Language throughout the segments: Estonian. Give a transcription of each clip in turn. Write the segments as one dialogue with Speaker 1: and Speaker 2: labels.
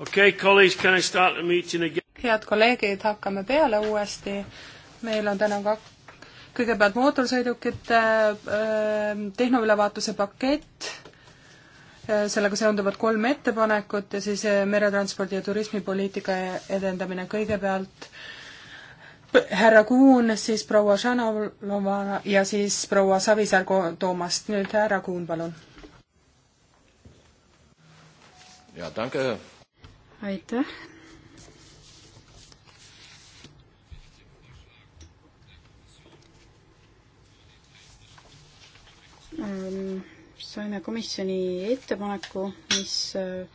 Speaker 1: okay, colleagues, can I start the meeting again?
Speaker 2: head kolleegid, hakkame peale uuesti. meil on täna ka kõigepealt mootorsõidukite äh, tehnoülevaatuse pakett, äh, sellega seonduvad kolm ettepanekut ja siis äh, meretranspordi ja turismipoliitika edendamine kõigepealt härra Kuun, siis proua Šanolova ja siis proua Savisaar Toomast. nüüd härra Kuun, palun.
Speaker 1: ja tänke
Speaker 2: aitäh.
Speaker 3: Ähm, saime komisjoni ettepaneku, mis äh,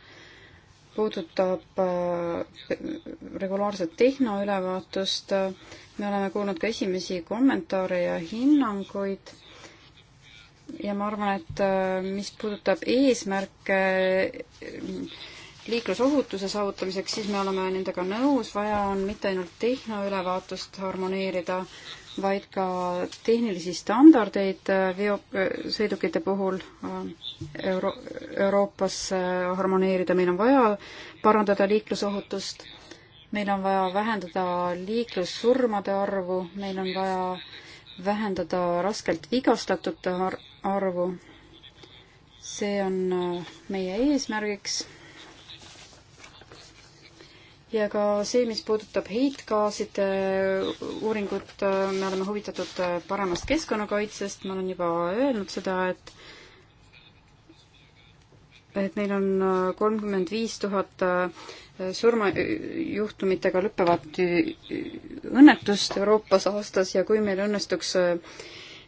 Speaker 3: puudutab äh, regulaarset tehnoülevaatust. me oleme kuulnud ka esimesi kommentaare ja hinnanguid. ja ma arvan, et äh, mis puudutab eesmärke liiklusohutuse saavutamiseks, siis me oleme nendega nõus, vaja on mitte ainult tehnoülevaatust harmoneerida, vaid ka tehnilisi standardeid äh, veo-, äh, sõidukite puhul äh, Euro-, Euroopas harmoneerida, meil on vaja parandada liiklusohutust, meil on vaja vähendada liiklussurmade arvu, meil on vaja vähendada raskelt vigastatute ar-, arvu, see on meie eesmärgiks ja ka see, mis puudutab heitgaaside uuringut, äh, me oleme huvitatud äh, paremast keskkonnakaitsest, ma olen juba öelnud seda, et et meil on äh, kolmkümmend viis tuhat surmajuhtumitega lõppevat õnnetust Euroopas aastas ja kui meil õnnestuks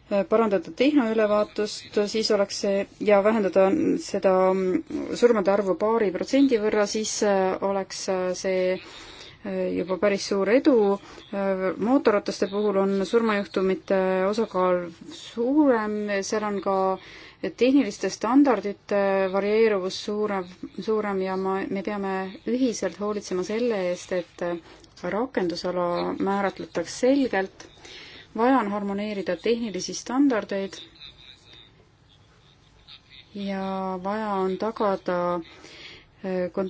Speaker 3: Äh, parandada tehnoülevaatust, siis oleks see ja vähendada seda surmade arvu paari protsendi võrra, siis äh, oleks äh, see juba päris suur edu. mootorrataste puhul on surmajuhtumite osakaal suurem, seal on ka tehniliste standardite varieeruvus suurem, suurem ja ma, me peame ühiselt hoolitsema selle eest, et rakendusala määratletaks selgelt vaja on harmoneerida tehnilisi standardeid ja vaja on tagada eh,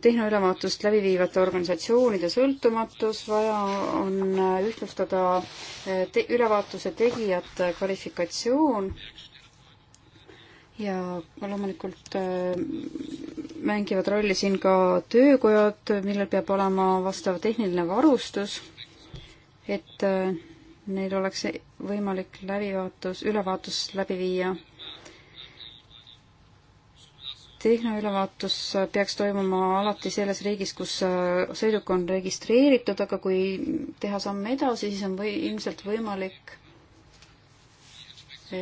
Speaker 3: tehnoülevaatust läbiviivate organisatsioonide sõltumatus, vaja on eh, ühtlustada eh, te ülevaatuse tegijate kvalifikatsioon ja loomulikult mängivad rolli siin ka töökojad, millel peab olema vastav tehniline varustus, et neil oleks võimalik läbivaatus, ülevaatus läbi viia. tehnoülevaatus peaks toimuma alati selles riigis, kus äh, sõiduk on registreeritud, aga kui teha samme edasi, siis on või ilmselt võimalik,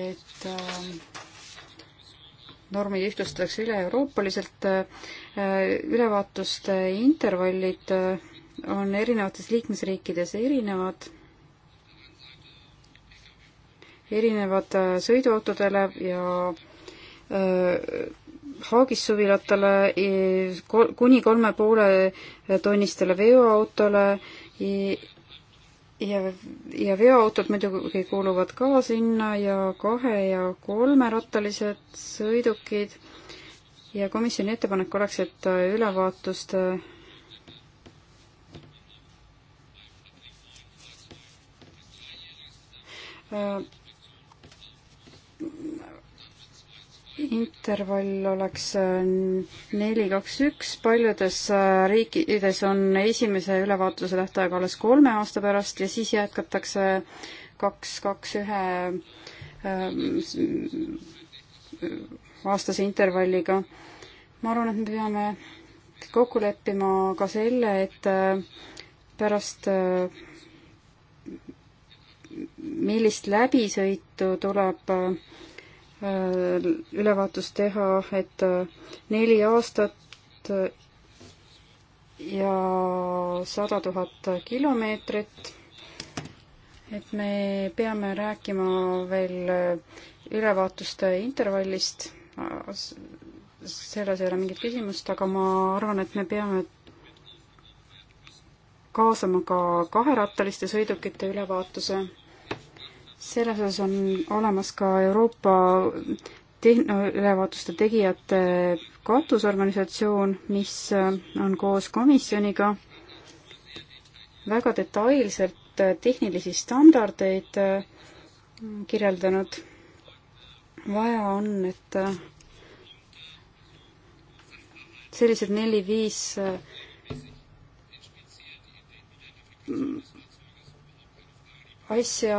Speaker 3: et äh, normid ühtlustatakse üle-euroopaliselt äh, äh,. ülevaatuste intervallid äh, on erinevates liikmesriikides erinevad erinevad äh, sõiduautodele ja äh, haagissuvilatele, e, kuni kolme poole tonnistele veoautole ja, ja veoautod muidugi kuuluvad ka sinna ja kahe ja kolmerattalised sõidukid ja komisjoni ettepanek oleks, et ülevaatuste äh, äh intervall oleks äh, neli, kaks, üks, paljudes äh, riikides on esimese ülevaatuse tähtaeg alles kolme aasta pärast ja siis jätkatakse kaks, kaks, ühe ähm, aastase intervalliga. ma arvan, et me peame kokku leppima ka selle, et äh, pärast millist läbisõitu tuleb äh, Äh, ülevaatus teha, et äh, neli aastat äh, ja sada tuhat kilomeetrit, et me peame rääkima veel ülevaatuste intervallist, selles ei ole mingit küsimust, aga ma arvan, et me peame kaasama ka kaherattaliste sõidukite ülevaatuse selles osas on olemas ka Euroopa tehnoülevaatuste tegijate katusorganisatsioon, mis äh, on koos komisjoniga väga detailselt äh, tehnilisi standardeid äh, kirjeldanud. vaja on, et sellised neli-viis asja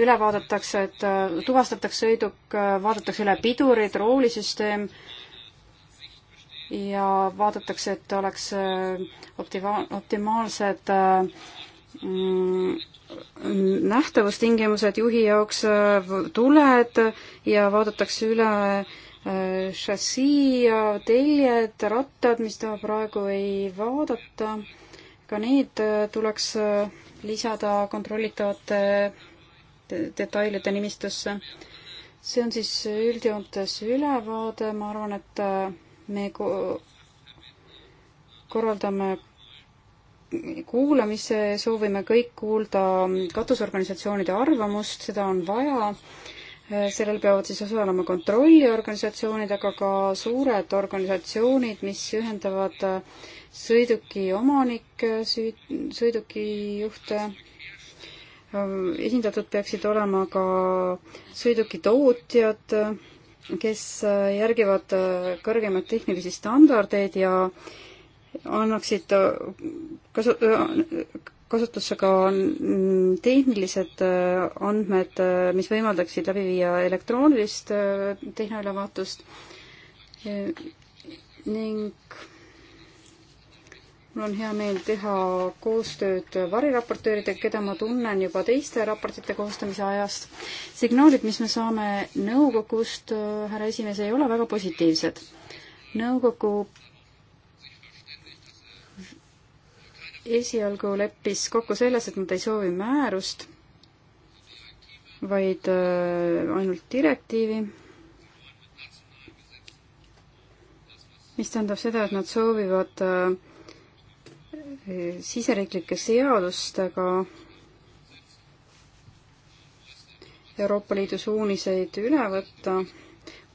Speaker 3: üle vaadatakse, et äh, tuvastatakse sõiduk, äh, vaadatakse üle pidurid, roolisüsteem ja vaadatakse, et oleks äh, optima-, optimaalsed mm, nähtavustingimused juhi jaoks, tuled ja vaadatakse üle šassii ja teljed, rattad, mis ta praegu ei vaadata ka need äh, tuleks äh, lisada kontrollitavate detailide nimistusse. see on siis üldjoontes ülevaade, ma arvan, et äh, me ko korraldame kuulamise, soovime kõik kuulda katusorganisatsioonide arvamust, seda on vaja Äh, sellel peavad siis osalema kontrolliorganisatsioonid, aga ka suured organisatsioonid, mis ühendavad äh, sõiduki omanikke, äh, sõidukijuhte, ähm, esindatud peaksid olema ka sõidukitootjad, kes järgivad kõrgemaid tehnilisi standardeid ja annaksid kasu-, kasutusse ka tehnilised äh, andmed, äh, mis võimaldaksid läbi viia elektroonilist äh, tehnoülevaatust ning mul on hea meel teha koostööd variraportööridega, keda ma tunnen juba teiste raportite koostamise ajast. signaalid, mis me saame nõukogust, härra esimees, ei ole väga positiivsed. nõukogu esialgu leppis kokku selles, et nad ei soovi määrust, vaid äh, ainult direktiivi, mis tähendab seda, et nad soovivad äh, siseriiklike seadustega Euroopa Liidu suuniseid üle võtta,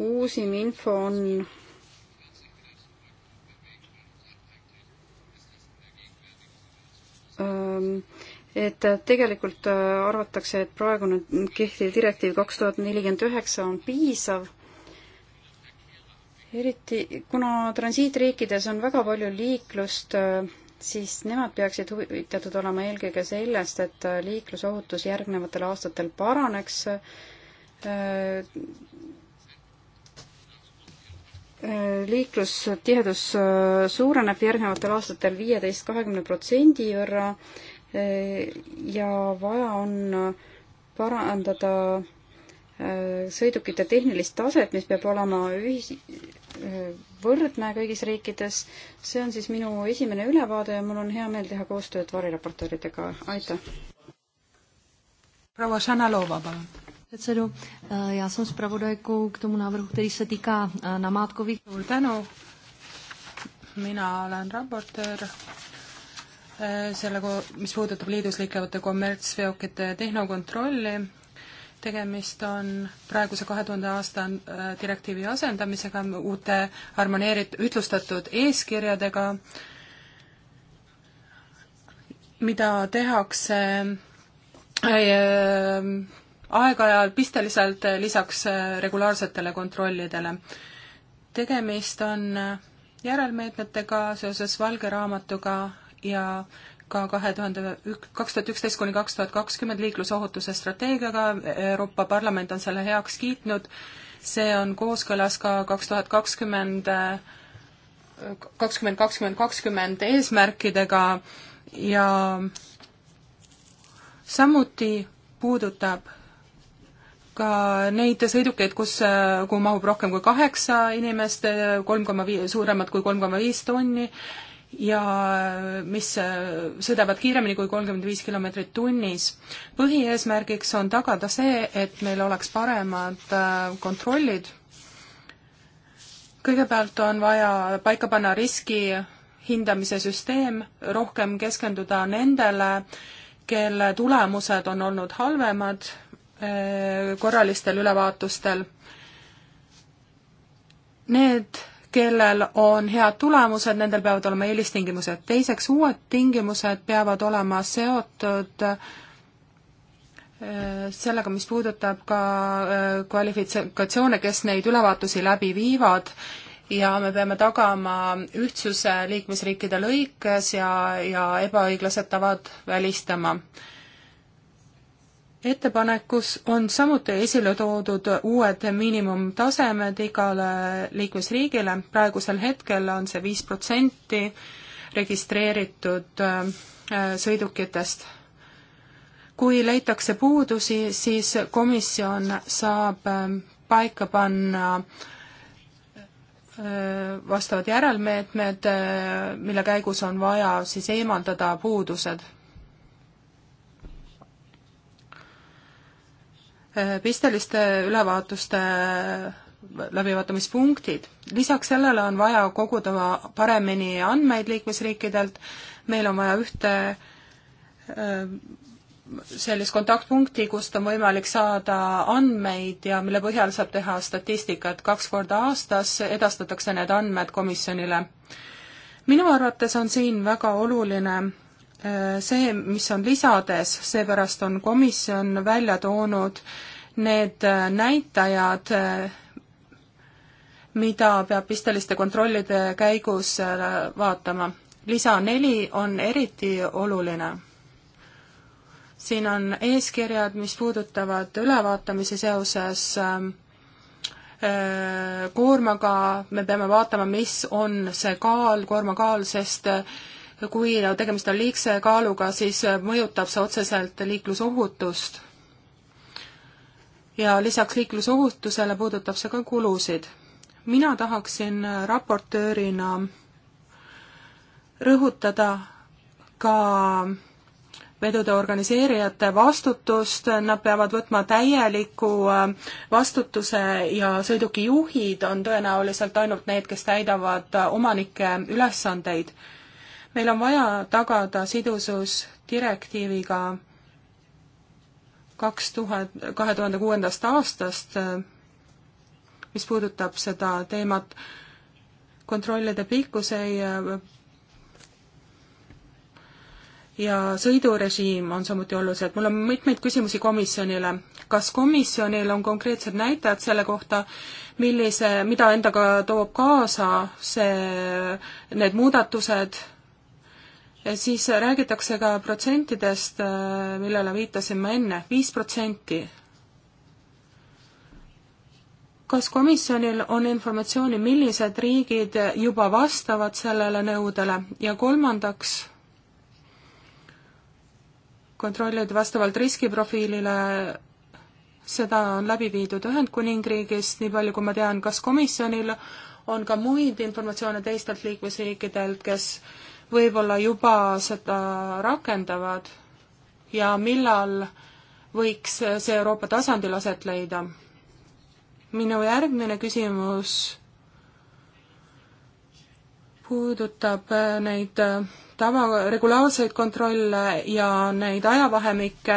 Speaker 3: uusim info on Ehm, et tegelikult äh, arvatakse, et praegune kehtiv direktiiv kaks tuhat nelikümmend üheksa on piisav, eriti kuna transiitriikides on väga palju liiklust, äh, siis nemad peaksid huvitatud olema eelkõige sellest, et äh, liiklusohutus järgnevatel aastatel paraneks liiklustihedus äh, suureneb järgnevatel aastatel viieteist kahekümne protsendi võrra äh, ja vaja on äh, parandada sõidukite tehnilist taset, mis peab olema ühis-, võrdne kõigis riikides. see on siis minu esimene ülevaade ja mul on hea meel teha koostööd variraportööridega, aitäh!
Speaker 2: proua Šanalova, palun! předsedo. Eh, já jsem zpravodajkou k tomu návrhu, který se týká eh, namátkových. Suur tänu. Mina olen raportöör eh, selle, mis puudutab liidus liikuvate kommertsveokite tehnokontrolli. tegemist on praeguse kahe tuhande aasta direktiivi asendamisega, uute harmoneerit-, ütlustatud eeskirjadega, mida tehakse äh, aeg-ajalt pisteliselt lisaks äh, regulaarsetele kontrollidele. tegemist on äh, järelmeetmetega seoses valge raamatuga ja ka kahe tuhande ük-, kaks tuhat üksteist kuni kaks tuhat kakskümmend liiklusohutuse strateegiaga, Euroopa Parlament on selle heaks kiitnud, see on kooskõlas ka kaks tuhat kakskümmend, äh, kakskümmend kakskümmend kakskümmend eesmärkidega ja samuti puudutab ka neid sõidukeid, kus, kuhu mahub rohkem kui kaheksa inimest, kolm koma viis, suuremad kui kolm koma viis tonni, ja mis sõidavad kiiremini kui kolmkümmend viis kilomeetrit tunnis. põhieesmärgiks on tagada see, et meil oleks paremad äh, kontrollid. kõigepealt on vaja paika panna riski hindamise süsteem, rohkem keskenduda nendele, kelle tulemused on olnud halvemad Äh, korralistel ülevaatustel. Need, kellel on head tulemused, nendel peavad olema eelistingimused. teiseks, uued tingimused peavad olema seotud äh, sellega, mis puudutab ka äh, kvalifikatsioone, kes neid ülevaatusi läbi viivad ja me peame tagama ühtsuse liikmesriikide lõikes ja, ja ebaõiglased tavad välistama ettepanekus on samuti esile toodud uued miinimumtasemed igale liikmesriigile, praegusel hetkel on see viis protsenti registreeritud äh, sõidukitest. kui leitakse puudusi, siis komisjon saab äh, paika panna äh, vastavad järelmeetmed, mille käigus on vaja siis eemaldada puudused Äh, pisteliste ülevaatuste läbivaatamispunktid. lisaks sellele on vaja koguda paremini andmeid liikmesriikidelt, meil on vaja ühte äh, sellist kontaktpunkti, kust on võimalik saada andmeid ja mille põhjal saab teha statistikat. kaks korda aastas edastatakse need andmed komisjonile. minu arvates on siin väga oluline see, mis on lisades, seepärast on komisjon välja toonud need äh, näitajad, äh, mida peab pisteliste kontrollide käigus äh, vaatama. lisa neli on eriti oluline. siin on eeskirjad, mis puudutavad ülevaatamise seoses ähm, koormaga, me peame vaatama, mis on see kaal, koorma kaal, sest kui tegemist on liigse kaaluga, siis mõjutab see otseselt liiklusohutust. ja lisaks liiklusohutusele puudutab see ka kulusid. mina tahaksin raportöörina rõhutada ka vedude organiseerijate vastutust, nad peavad võtma täieliku äh, vastutuse ja sõidukijuhid on tõenäoliselt ainult need, kes täidavad äh, omanike ülesandeid meil on vaja tagada sidusus direktiiviga kaks tuhat, kahe tuhande kuuendast aastast, mis puudutab seda teemat, kontrollide pikkus ei ja sõidurežiim on samuti olulised. mul on mitmeid küsimusi komisjonile. kas komisjonil on konkreetsed näitajad selle kohta, millise, mida endaga toob kaasa see, need muudatused siis räägitakse ka protsentidest, millele viitasin ma enne, viis protsenti. kas komisjonil on informatsiooni, millised riigid juba vastavad sellele nõudele ja kolmandaks, kontrollid vastavalt riskiprofiilile, seda on läbi viidud Ühendkuningriigis, nii palju kui ma tean, kas komisjonil on ka muid informatsioone teistelt liikmesriikidelt, kes võib-olla juba seda rakendavad ja millal võiks see Euroopa tasandil aset leida? minu järgmine küsimus puudutab neid tava, regulaarseid kontrolle ja neid ajavahemikke,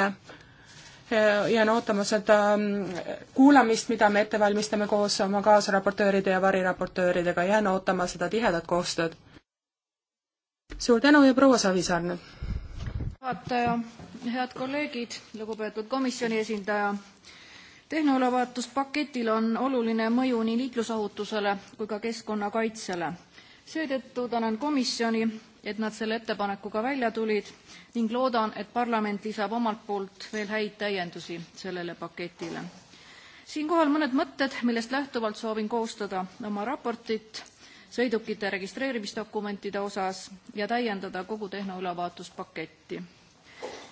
Speaker 2: jään ootama seda mm, kuulamist, mida me ette valmistame koos oma kaasraportööride ja variraportööridega, jään ootama seda tihedat koostööd suur tänu ja proua Savisaarne!
Speaker 4: juhataja, head kolleegid, lugupeetud komisjoni esindaja! tehnoülevaatuspaketil on oluline mõju nii liiklusohutusele kui ka keskkonnakaitsele. seetõttu tänan komisjoni, et nad selle ettepanekuga välja tulid ning loodan, et parlament lisab omalt poolt veel häid täiendusi sellele paketile. siinkohal mõned mõtted, millest lähtuvalt soovin koostada oma raportit sõidukite registreerimisdokumentide osas ja täiendada kogu tehnoülevaatuspaketi.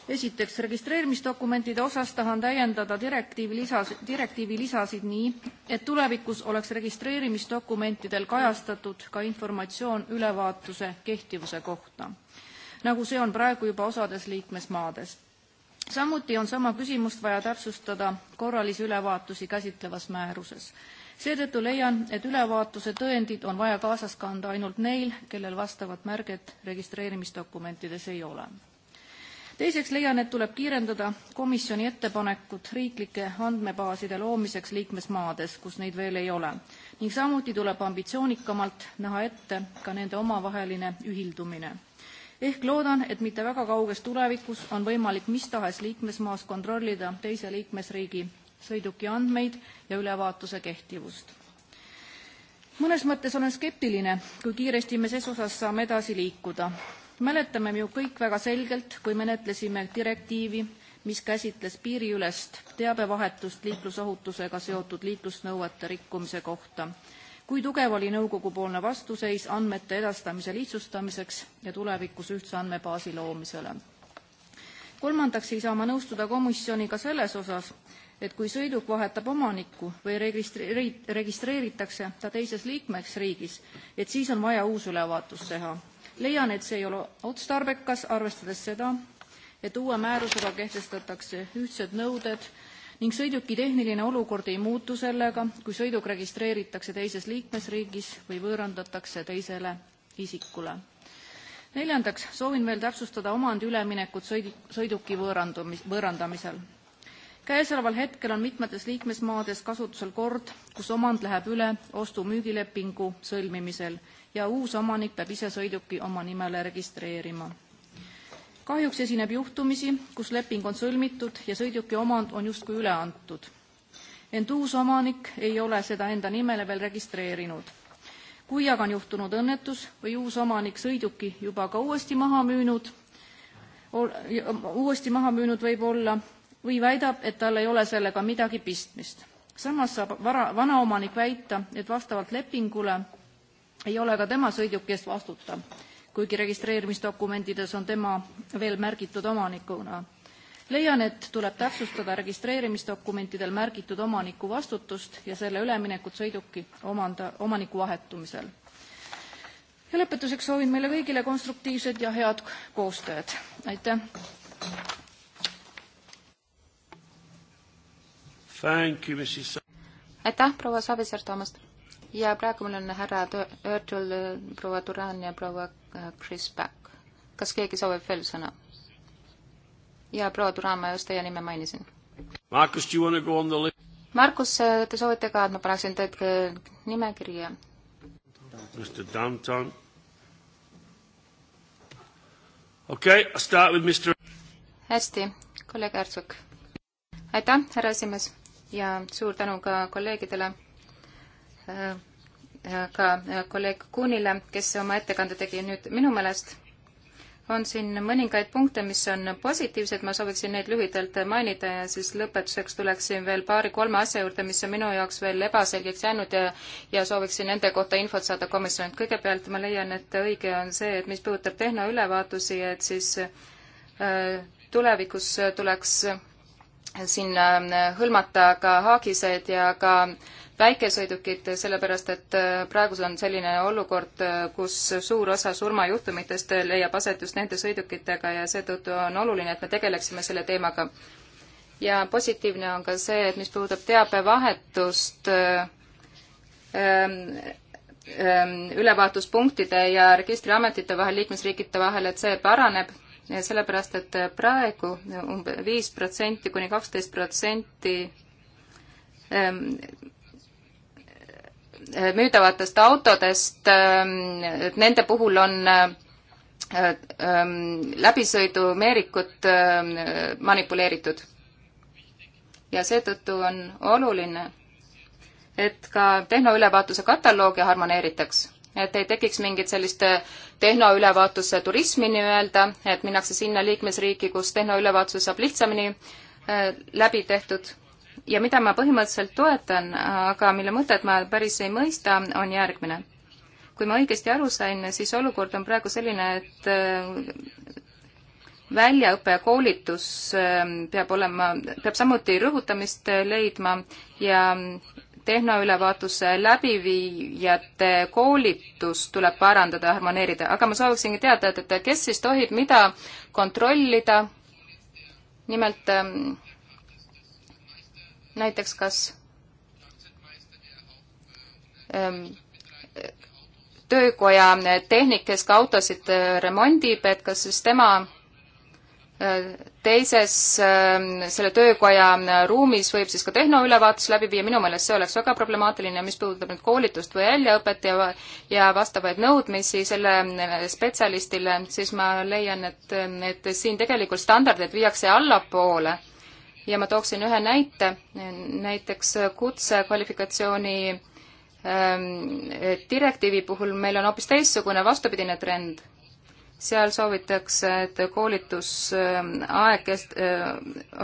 Speaker 4: esiteks, registreerimisdokumentide osas tahan täiendada direktiivi lisas, direktiivi lisasid nii, et tulevikus oleks registreerimisdokumentidel kajastatud ka informatsioon ülevaatuse kehtivuse kohta, nagu see on praegu juba osades liikmesmaades samuti on sama küsimust vaja täpsustada korralisi ülevaatusi käsitlevas määruses seetõttu leian, et ülevaatuse tõendid on vaja kaasas kanda ainult neil, kellel vastavat märget registreerimisdokumentides ei ole. teiseks leian, et tuleb kiirendada komisjoni ettepanekut riiklike andmebaaside loomiseks liikmesmaades, kus neid veel ei ole, ning samuti tuleb ambitsioonikamalt näha ette ka nende omavaheline ühildumine ehk loodan, et mitte väga kauges tulevikus on võimalik mis tahes liikmesmaas kontrollida teise liikmesriigi sõiduki andmeid ja ülevaatuse kehtivust. mõnes mõttes olen skeptiline, kui kiiresti me ses osas saame edasi liikuda. mäletame ju kõik väga selgelt, kui menetlesime direktiivi, mis käsitles piiriülest teabevahetust liiklusohutusega seotud liiklusnõuete rikkumise kohta kui tugev oli nõukogupoolne vastuseis andmete edastamise lihtsustamiseks ja tulevikus ühtse andmebaasi loomisele. kolmandaks ei saa ma nõustuda komisjoniga selles osas, et kui sõiduk vahetab omanikku või registreeri, registreeritakse ta teises liikmesriigis, et siis on vaja uus ülevaatus teha. leian, et see ei ole otstarbekas, arvestades seda, et uue määrusega kehtestatakse ühtsed nõuded ning sõiduki tehniline olukord ei muutu sellega, kui sõiduk registreeritakse teises liikmesriigis või võõrandatakse teisele isikule neljandaks soovin veel täpsustada omandi üleminekut sõiduki võõrandumis- võõrandamisel käesoleval hetkel on mitmetes liikmesmaades kasutusel kord, kus omand läheb üle ostu-müügilepingu sõlmimisel ja uus omanik peab ise sõiduki oma nimele registreerima. kahjuks esineb juhtumisi, kus leping on sõlmitud ja sõiduki omand on justkui üle antud. ent uus omanik ei ole seda enda nimele veel registreerinud. kui aga on juhtunud õnnetus või uus omanik sõiduki juba ka uuesti maha müünud, uuesti maha müünud võib-olla, või väidab, et tal ei ole sellega midagi pistmist. samas saab vara, vanaomanik väita, et vastavalt lepingule ei ole ka tema sõiduki eest vastutav, kuigi registreerimisdokumentides on tema veel märgitud omanikuna. leian, et tuleb täpsustada registreerimisdokumentidel märgitud omaniku vastutust ja selle üleminekut sõiduki omanda, omaniku vahetumisel. ja lõpetuseks soovin meile kõigile konstruktiivset ja head koostööd. aitäh!
Speaker 1: aitäh, proua Savisaar Toomast! ja praegu mul on härra Örtul, äh, proua Duran ja proua äh, Chris Back. kas keegi soovib veel sõna? ja proua Duran, ma just teie nime mainisin. Markus, äh, te soovite ka, et ma paneksin teid nimekirja?
Speaker 3: Mr Downton. okei okay,, I start with Mr.
Speaker 1: hästi, kolleeg Härtsuk. aitäh, härra esimees ja suur tänu ka kolleegidele, äh, ka äh, kolleeg Kuunile, kes oma ettekande tegi. nüüd minu meelest on siin mõningaid punkte, mis on positiivsed, ma sooviksin neid lühidalt mainida ja siis lõpetuseks tuleksin veel paari-kolme asja juurde, mis on minu jaoks veel ebaselgeks jäänud ja ja sooviksin nende kohta infot saada komisjonilt. kõigepealt ma leian, et õige on see, et mis puudutab tehnoülevaatusi, et siis äh, tulevikus tuleks äh, sinna ähm, hõlmata ka haagised ja ka väikesõidukid, sellepärast et äh, praegu on selline olukord, äh, kus suur osa surmajuhtumitest äh, leiab aset just nende sõidukitega ja seetõttu on oluline, et me tegeleksime selle teemaga. ja positiivne on ka see, et mis puudutab teabevahetust ähm, ähm, ülevaatuspunktide ja registriametite vahel, liikmesriikide vahel, et see paraneb sellepärast et praegu umbe- viis protsenti kuni kaksteist protsenti ähm, äh, müüdavatest autodest, ähm, et nende puhul on äh, ähm, läbisõidumeerikud manipuleeritud. ja seetõttu on oluline, et ka tehnoülevaatuse kataloogia harmoneeritaks et ei tekiks mingit sellist äh, tehnoülevaatuse turismi nii-öelda, et minnakse sinna liikmesriiki, kus tehnoülevaatus saab lihtsamini äh, läbi tehtud. ja mida ma põhimõtteliselt toetan, aga mille mõtet ma päris ei mõista, on järgmine. kui ma õigesti aru sain, siis olukord on praegu selline, et äh, väljaõpe ja koolitus peab olema, peab samuti rõhutamist leidma ja tehnoülevaatuse läbiviijate koolitus tuleb parandada, harmoneerida, aga ma sooviksingi teada, et, et kes siis tohib mida kontrollida, nimelt ähm, näiteks kas ähm, töökoja tehnik, kes ka autosid äh, remondib, et kas siis tema teises ähm, selle töökoja ähm, ruumis võib siis ka tehnoülevaatus läbi viia, minu meelest see oleks väga problemaatiline, mis puudutab nüüd koolitust või väljaõpet ja, ja vastavaid nõudmisi selle ähm, spetsialistile, siis ma leian, et, et siin tegelikult standardid viiakse allapoole. ja ma tooksin ühe näite, näiteks kutsekvalifikatsiooni direktiivi puhul meil on hoopis teistsugune vastupidine trend seal soovitakse, et koolitusaeg kest- äh,,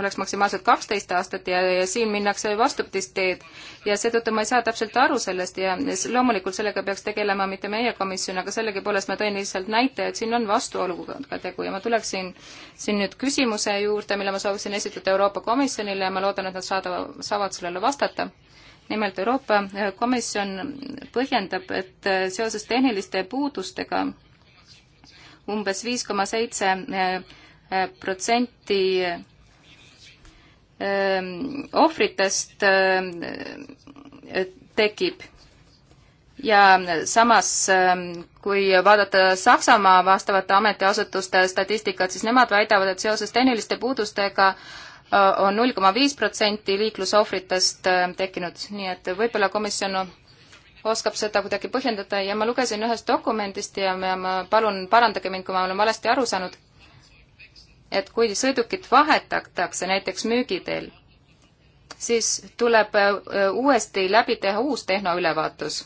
Speaker 1: oleks maksimaalselt kaksteist aastat ja, ja siin minnakse vastupidist teed. ja seetõttu ma ei saa täpselt aru sellest ja loomulikult sellega peaks tegelema mitte meie komisjon, aga sellegipoolest ma tõin lihtsalt näite, et siin on vastuoluga tegu ja ma tuleksin siin nüüd küsimuse juurde, mille ma soovisin esitada Euroopa Komisjonile ja ma loodan, et nad saada, saavad sellele vastata nimelt Euroopa äh, Komisjon põhjendab, et äh, seoses tehniliste puudustega umbes viis koma seitse eh, protsenti eh, ohvritest eh, tekib. ja samas, kui vaadata Saksamaa vastavate ametiasutuste statistikat, siis nemad väidavad, et seoses tehniliste puudustega on null koma viis protsenti liiklusohvritest tekkinud, nii et võib-olla komisjon oskab seda kuidagi põhjendada ja ma lugesin ühest dokumendist ja ma, ma palun, parandage mind, kui ma olen valesti aru saanud, et kui sõidukit vahetatakse näiteks müügiteel, siis tuleb äh, uuesti läbi teha uus tehnoülevaatus.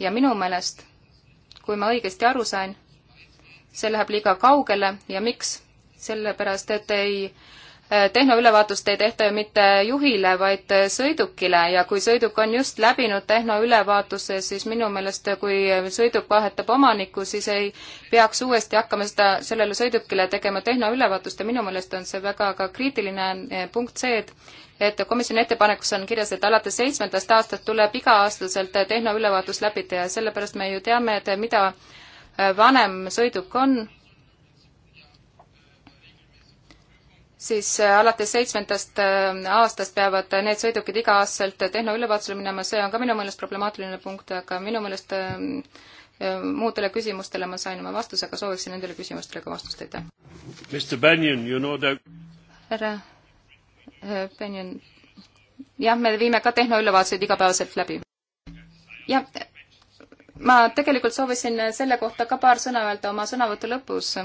Speaker 1: ja minu meelest, kui ma õigesti aru sain, see läheb liiga kaugele ja miks? sellepärast, et ei äh, tehnoülevaatust ei tehta ju mitte juhile, vaid sõidukile ja kui sõiduk on just läbinud tehnoülevaatuse, siis minu meelest, kui sõiduk vahetab omanikku, siis ei peaks uuesti hakkama seda, sellele sõidukile tegema tehnoülevaatust ja minu meelest on see väga ka kriitiline eh, punkt see, et et komisjoni ettepanekus on kirjas, et alates seitsmendast aastast tuleb iga-aastaselt tehnoülevaatus läbida ja sellepärast me ju teame, et mida eh, vanem sõiduk on, siis äh, alates seitsmendast äh, aastast peavad need sõidukid iga-aastaselt tehnoülevaatusele minema, see on ka minu meelest problemaatiline punkt, aga minu meelest äh, muudele küsimustele ma sain oma vastuse, aga sooviksin nendele küsimustele ka vastust, aitäh. härra Benjon, jah, me viime ka tehnoülevaatused igapäevaselt läbi. jah, ma tegelikult soovisin selle kohta ka paar sõna öelda oma sõnavõtu lõpus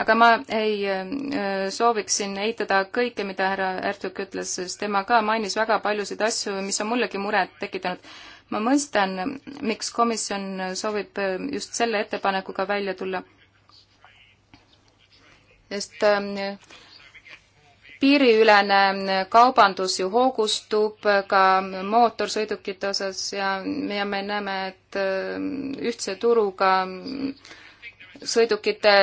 Speaker 1: aga ma ei äh, sooviks siin eitada kõike, mida härra Ertug ütles, sest tema ka mainis väga paljusid asju, mis on mullegi muret tekitanud. ma mõistan, miks komisjon soovib äh, just selle ettepanekuga välja tulla. sest äh, piiriülene kaubandus ju hoogustub ka mootorsõidukite osas ja, ja me näeme, et ühtse turuga sõidukite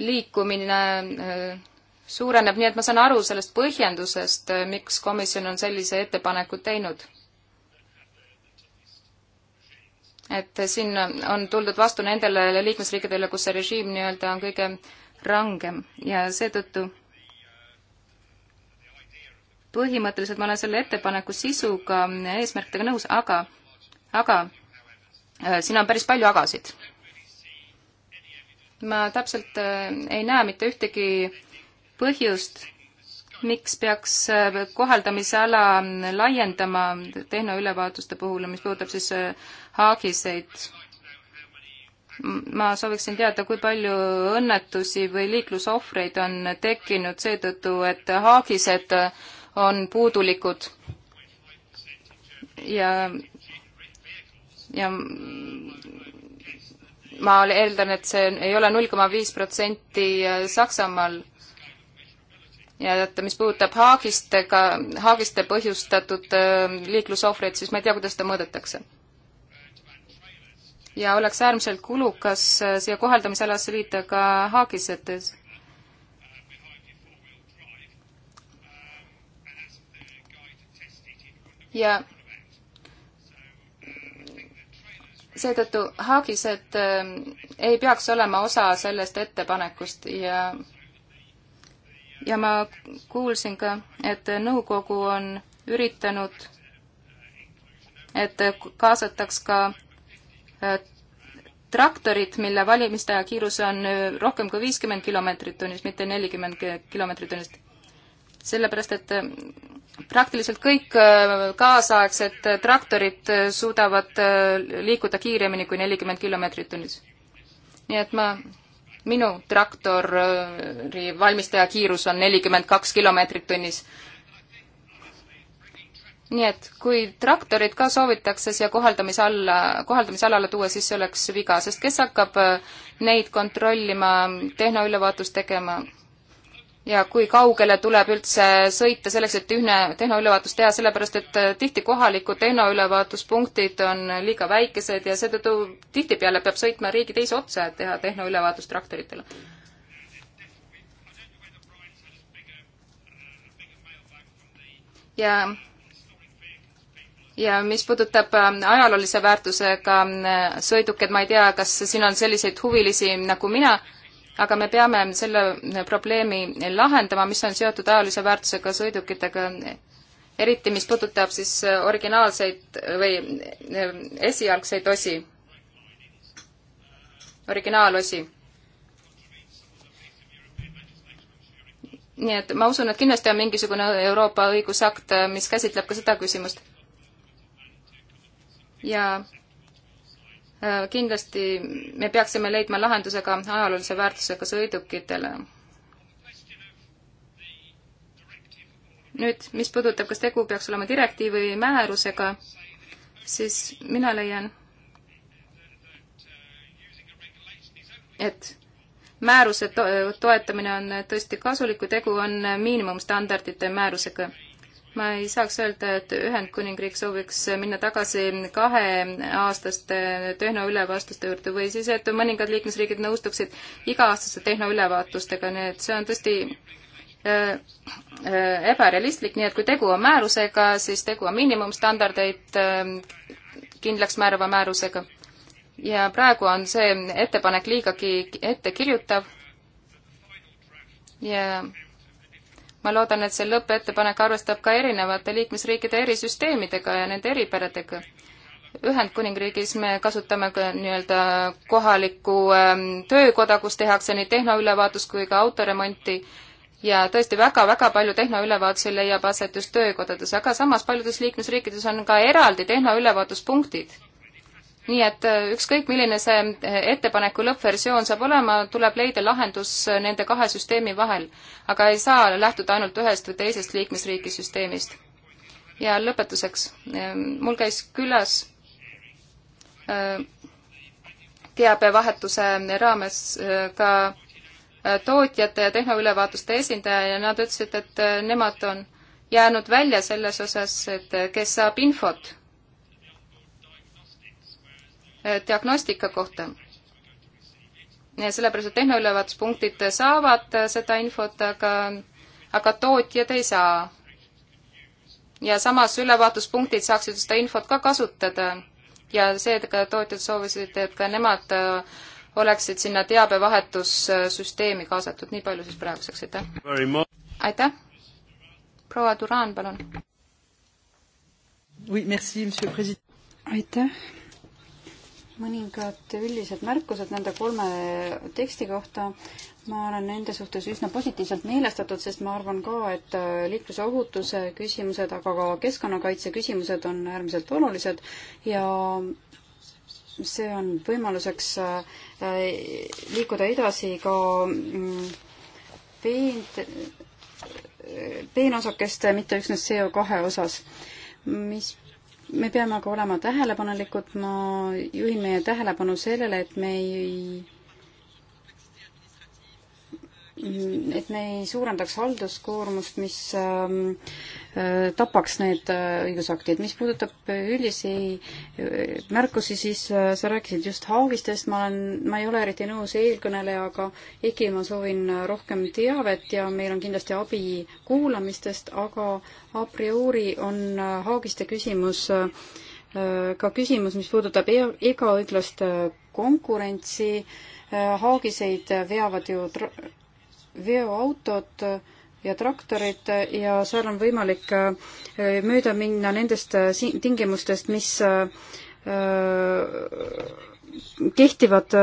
Speaker 1: liikumine äh, suureneb, nii et ma saan aru sellest põhjendusest, äh, miks komisjon on sellise ettepaneku teinud. et siin on tuldud vastu nendele liikmesriikidele, kus see režiim nii-öelda on kõige rangem ja seetõttu põhimõtteliselt ma olen selle ettepaneku sisuga, eesmärkidega nõus, aga, aga äh, siin on päris palju agasid ma täpselt äh, ei näe mitte ühtegi põhjust, miks peaks äh, kohaldamise ala mm, laiendama tehnoülevaatuste puhul, mis puudutab siis äh, haagiseid. ma sooviksin teada, kui palju õnnetusi või liiklusohvreid on tekkinud seetõttu, et haagised on puudulikud ja, ja ma eeldan, et see ei ole null koma viis protsenti äh, Saksamaal. ja et mis puudutab haagistega, haagiste põhjustatud äh, liiklusohvreid, siis ma ei tea, kuidas seda mõõdetakse. ja oleks äärmiselt kulukas äh, siia kohaldamisalasse liita ka haagised. ja yeah seetõttu haagised ähm, ei peaks olema osa sellest ettepanekust ja ja ma kuulsin ka, et nõukogu on üritanud, et kaasataks ka äh, traktorid, mille valimistaja kiirus on äh, rohkem kui viiskümmend kilomeetrit tunnis, mitte nelikümmend kilomeetrit tunnist. sellepärast, et praktiliselt kõik äh, kaasaegsed traktorid äh, suudavad äh, liikuda kiiremini kui nelikümmend kilomeetrit tunnis. nii et ma, minu traktori valmistaja kiirus on nelikümmend kaks kilomeetrit tunnis. nii et kui traktorid ka soovitakse siia kohaldamise alla, kohaldamisalale tuua, siis see oleks viga, sest kes hakkab neid kontrollima, tehnoülevaatust tegema ja kui kaugele tuleb üldse sõita selleks, et ühne tehnoülevaatus teha, sellepärast et äh, tihti kohalikud tehnoülevaatuspunktid on liiga väikesed ja seetõttu tihtipeale peab sõitma riigi teise otsa, et teha tehnoülevaatus traktoritele. ja ja mis puudutab ähm, ajaloolise väärtusega äh, sõidukeid, ma ei tea, kas siin on selliseid huvilisi nagu mina, aga me peame selle probleemi lahendama, mis on seotud ajalise väärtusega sõidukitega, eriti mis puudutab siis originaalseid või eh, esialgseid osi, originaalosi. nii et ma usun, et kindlasti on mingisugune Euroopa õigusakt, eh, mis käsitleb ka seda küsimust. ja Äh, kindlasti me peaksime leidma lahenduse ka ajaloolise väärtusega sõidukitele. nüüd, mis puudutab, kas tegu peaks olema direktiivi või määrusega, siis mina leian, et määruse to toetamine on tõesti kasulik, kui tegu on miinimumstandardite määrusega ma ei saaks öelda, et Ühendkuningriik sooviks minna tagasi kaheaastaste tehnoülevaastuste juurde või siis, et mõningad liikmesriigid nõustuksid iga-aastaste tehnoülevaatustega, nii et see on tõesti äh, äh, ebarealistlik, nii et kui tegu on määrusega, siis tegu on miinimumstandardeid äh, kindlaks määrava määrusega. ja praegu on see ettepanek liigagi ettekirjutav ja yeah ma loodan, et see lõppettepanek arvestab ka erinevate liikmesriikide erisüsteemidega ja nende eripäradega. Ühendkuningriigis me kasutame ka nii-öelda kohalikku ähm, töökoda, kus tehakse nii tehnoülevaatus kui ka autoremonti ja tõesti väga-väga palju tehnoülevaatusi leiab aset just töökodades, aga samas paljudes liikmesriikides on ka eraldi tehnoülevaatuspunktid nii et äh, ükskõik, milline see äh, ettepaneku lõppversioon saab olema, tuleb leida lahendus äh, nende kahe süsteemi vahel, aga ei saa lähtuda ainult ühest või teisest liikmesriigi süsteemist. ja lõpetuseks, mul käis külas teabevahetuse raames ka tootjate ja tehnoülevaatuste esindaja ja nad ütlesid, et nemad on jäänud välja selles osas, et kes saab infot Äh, diagnostika kohta. sellepärast, et tehnoülevaatuspunktid saavad äh, seda infot, aga, aga tootjad ei saa. ja samas ülevaatuspunktid saaksid seda infot ka kasutada ja seega tootjad soovisid, et ka nemad äh, oleksid sinna teabevahetussüsteemi kaasatud, nii palju siis praeguseks,
Speaker 2: aitäh!
Speaker 1: aitäh!
Speaker 3: proua Duran, palun! aitäh! mõningad üldised märkused nende kolme teksti kohta. ma olen nende suhtes üsna positiivselt meelestatud, sest ma arvan ka, et äh, liiklusohutuse küsimused, aga ka keskkonnakaitse küsimused on äärmiselt olulised ja see on võimaluseks äh, äh, liikuda edasi ka peen-, mm, peenosakeste, mitte üksnes CO kahe osas. mis me peame aga olema tähelepanelikud, ma juhin meie tähelepanu sellele, et me ei Mm, et me ei suurendaks halduskoormust, mis ähm, äh, tapaks need äh, õigusaktid. mis puudutab äh, üldisi märkusi, siis sa rääkisid just haagistest, ma olen, ma ei ole eriti nõus eelkõnelejaga, ehkki ma soovin rohkem teavet ja meil on kindlasti abi kuulamistest, aga a priori on haagiste küsimus ka küsimus, mis puudutab e-, ebaõiglast konkurentsi, haagiseid veavad ju tra-, veoautod ja traktorid ja seal on võimalik äh, mööda minna nendest äh, tingimustest, mis äh, kehtivad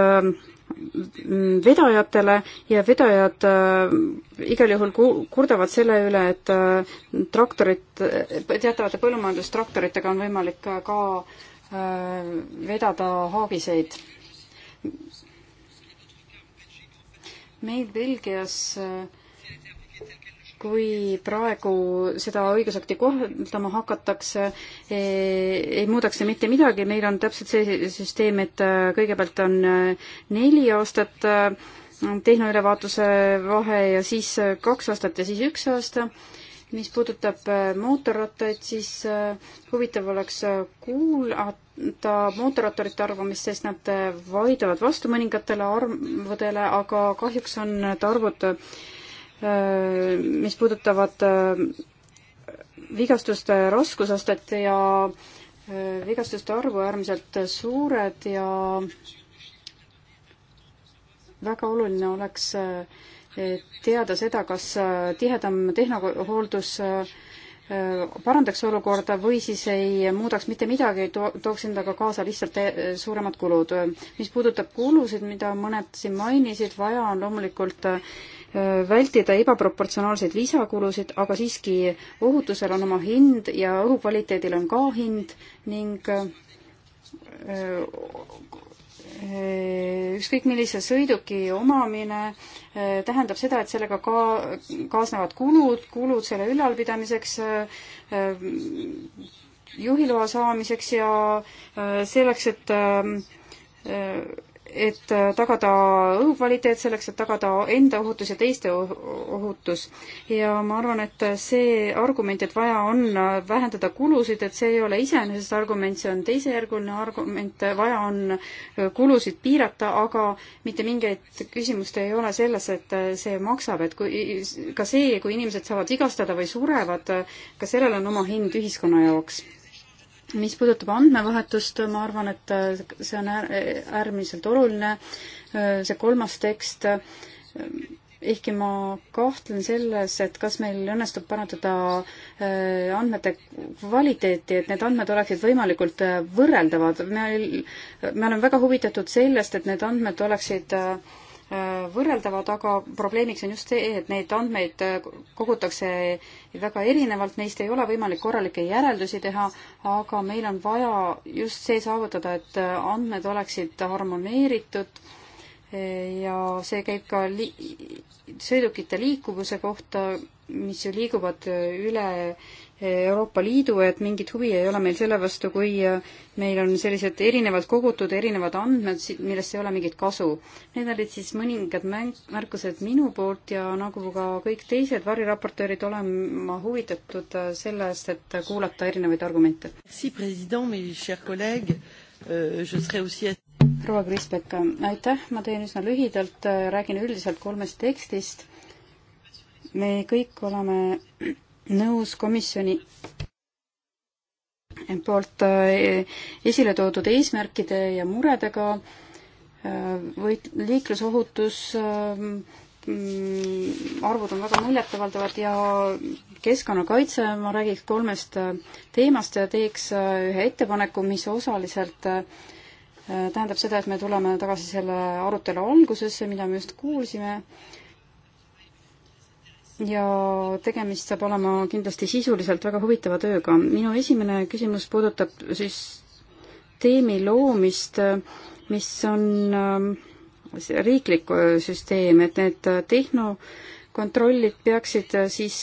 Speaker 3: vedajatele ja vedajad igal juhul kurdavad selle üle, et traktorit, teatavate põllumajandustraktoritega on võimalik ka vedada haagiseid meil Belgias äh, kui praegu seda õigusakti kohaldama hakatakse, äh, ei muudaks see mitte midagi, meil on täpselt see süsteem, et äh, kõigepealt on neli aastat tehnoülevaatuse vahe ja siis kaks aastat ja siis üks aasta mis puudutab äh, mootorrattaid, siis äh, huvitav oleks äh, kuulata mootorratturite arvamist, sest nad vaidlevad vastu mõningatele arvudele, aga kahjuks on need arvud, mis puudutavad vigastuste raskusastet ja vigastuste arvu äärmiselt suured ja väga oluline oleks äh, teada seda, kas äh, tihedam tehnohooldus äh, parandaks olukorda või siis ei muudaks mitte midagi, tooks endaga kaasa lihtsalt äh, suuremad kulud. mis puudutab kulusid, mida mõned siin mainisid, vaja on loomulikult vältida ebaproportsionaalseid lisakulusid, aga siiski ohutusel on oma hind ja õhukvaliteedil on ka hind ning Äh, ükskõik millise sõiduki omamine äh, tähendab seda, et sellega ka kaasnevad kulud, kulud selle ülalpidamiseks, äh, juhiloa saamiseks ja selleks, et ähm, et äh, tagada õhukvaliteet, selleks et tagada enda ohutus ja teiste ohutus. ja ma arvan, et see argument, et vaja on vähendada kulusid, et see ei ole iseenesest argument, see on teisejärguline argument, vaja on äh, kulusid piirata, aga mitte mingit küsimust ei ole selles, et äh, see maksab, et kui, ka see, kui inimesed saavad vigastada või surevad, ka sellel on oma hind ühiskonna jaoks mis puudutab andmevahetust, ma arvan, et äh, see on äär, äärmiselt oluline, äh, see kolmas tekst, äh, ehkki ma kahtlen selles, et kas meil õnnestub parandada andmete kvaliteeti, et need andmed oleksid võimalikult võrreldavad. meil, me oleme väga huvitatud sellest, et need andmed oleksid äh, võrreldavad, aga probleemiks on just see, et neid andmeid äh, kogutakse väga erinevalt, neist ei ole võimalik korralikke järeldusi teha, aga meil on vaja just see saavutada, et äh, andmed oleksid harmoneeritud äh, ja see käib ka li-, sõidukite liikuvuse kohta, mis ju liiguvad üle Euroopa Liidu, et mingit huvi ei ole meil selle vastu, kui äh, meil on sellised erinevalt kogutud erinevad andmed, millest ei ole mingit kasu. Need olid siis mõningad märkused minu poolt ja nagu ka kõik teised variraportöörid olen ma huvitatud äh, sellest, et kuulata erinevaid argumente.
Speaker 2: Euh,
Speaker 3: proua Krispek, aitäh, ma teen üsna lühidalt, äh, räägin üldiselt kolmest tekstist. me kõik oleme nõus komisjoni poolt äh, esile toodud eesmärkide ja muredega äh, või liiklusohutus, äh, mm, arvud on väga muljetavaldavad ja keskkonnakaitse, ma räägiks kolmest teemast ja teeks ühe ettepaneku, mis osaliselt tähendab seda, et me tuleme tagasi selle arutelu algusesse, mida me just kuulsime ja tegemist saab olema kindlasti sisuliselt väga huvitava tööga. minu esimene küsimus puudutab siis teemi loomist, mis on äh, riiklik äh, süsteem, et need äh, tehnokontrollid peaksid siis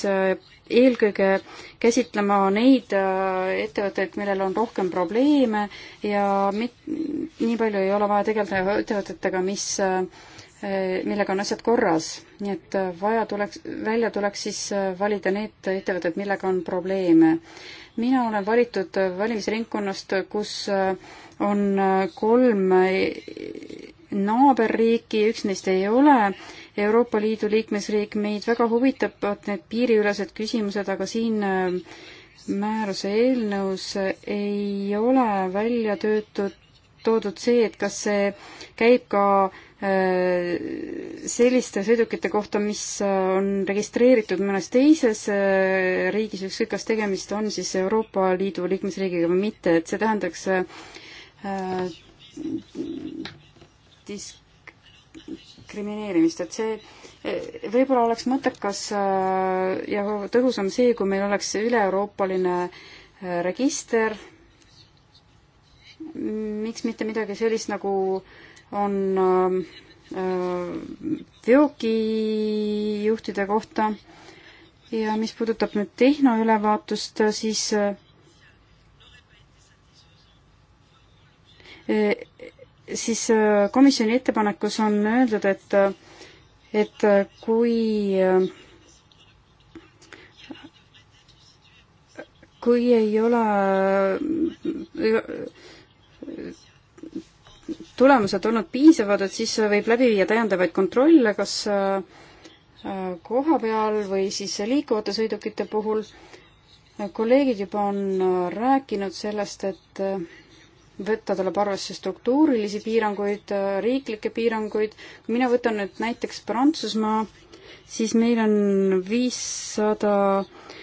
Speaker 3: eelkõige käsitlema neid ettevõtteid, millel on rohkem probleeme ja mit-, nii palju ei ole vaja tegeleda ettevõtetega, mis äh, Eh, millega on asjad korras, nii et eh, vaja tuleks, välja tuleks siis eh, valida need ettevõtted, millega on probleeme. mina olen valitud valimisringkonnast, kus on kolm naaberriiki, üks neist ei ole Euroopa Liidu liikmesriik, meid väga huvitavad need piiriülesed küsimused, aga siin määruse eelnõus ei ole välja töötud, toodud see, et kas see käib ka äh, Äh, selliste sõidukite kohta, mis äh, on registreeritud mõnes teises äh, riigis, ükskõik kas tegemist on siis Euroopa Liidu liikmesriigiga või mitte, et see tähendaks diskrimineerimist, et see võib-olla oleks mõttekas ja tõhusam see, kui meil oleks üle-euroopaline register, miks mitte midagi sellist nagu äh, on ähm, äh, veokijuhtide kohta ja mis puudutab nüüd tehnoülevaatust, siis äh, siis äh, komisjoni ettepanekus on öeldud, et, et kui kui ei ole tulemused olnud piisavad, et siis võib läbi viia täiendavaid kontrolle, kas äh, äh, koha peal või siis liikuvate sõidukite puhul. kolleegid juba on äh, rääkinud sellest, et võtta tuleb arvesse struktuurilisi piiranguid, riiklikke piiranguid. kui mina võtan nüüd näiteks Prantsusmaa, siis meil on viissada 500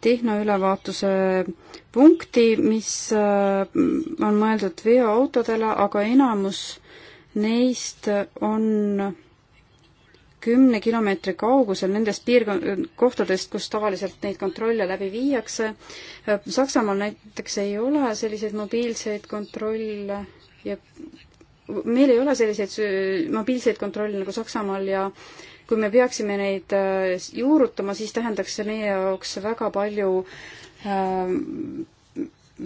Speaker 3: tehnoülevaatuse punkti, mis äh, on mõeldud veoautodele, aga enamus neist on kümne kilomeetri kaugusel nendest piirkond-, kohtadest, kus tavaliselt neid kontrolle läbi viiakse. Saksamaal näiteks ei ole selliseid mobiilseid kontrolle ja meil ei ole selliseid mobiilseid kontrolle nagu Saksamaal ja äh, kui me peaksime neid äh, juurutama, siis tähendaks see meie jaoks väga palju äh,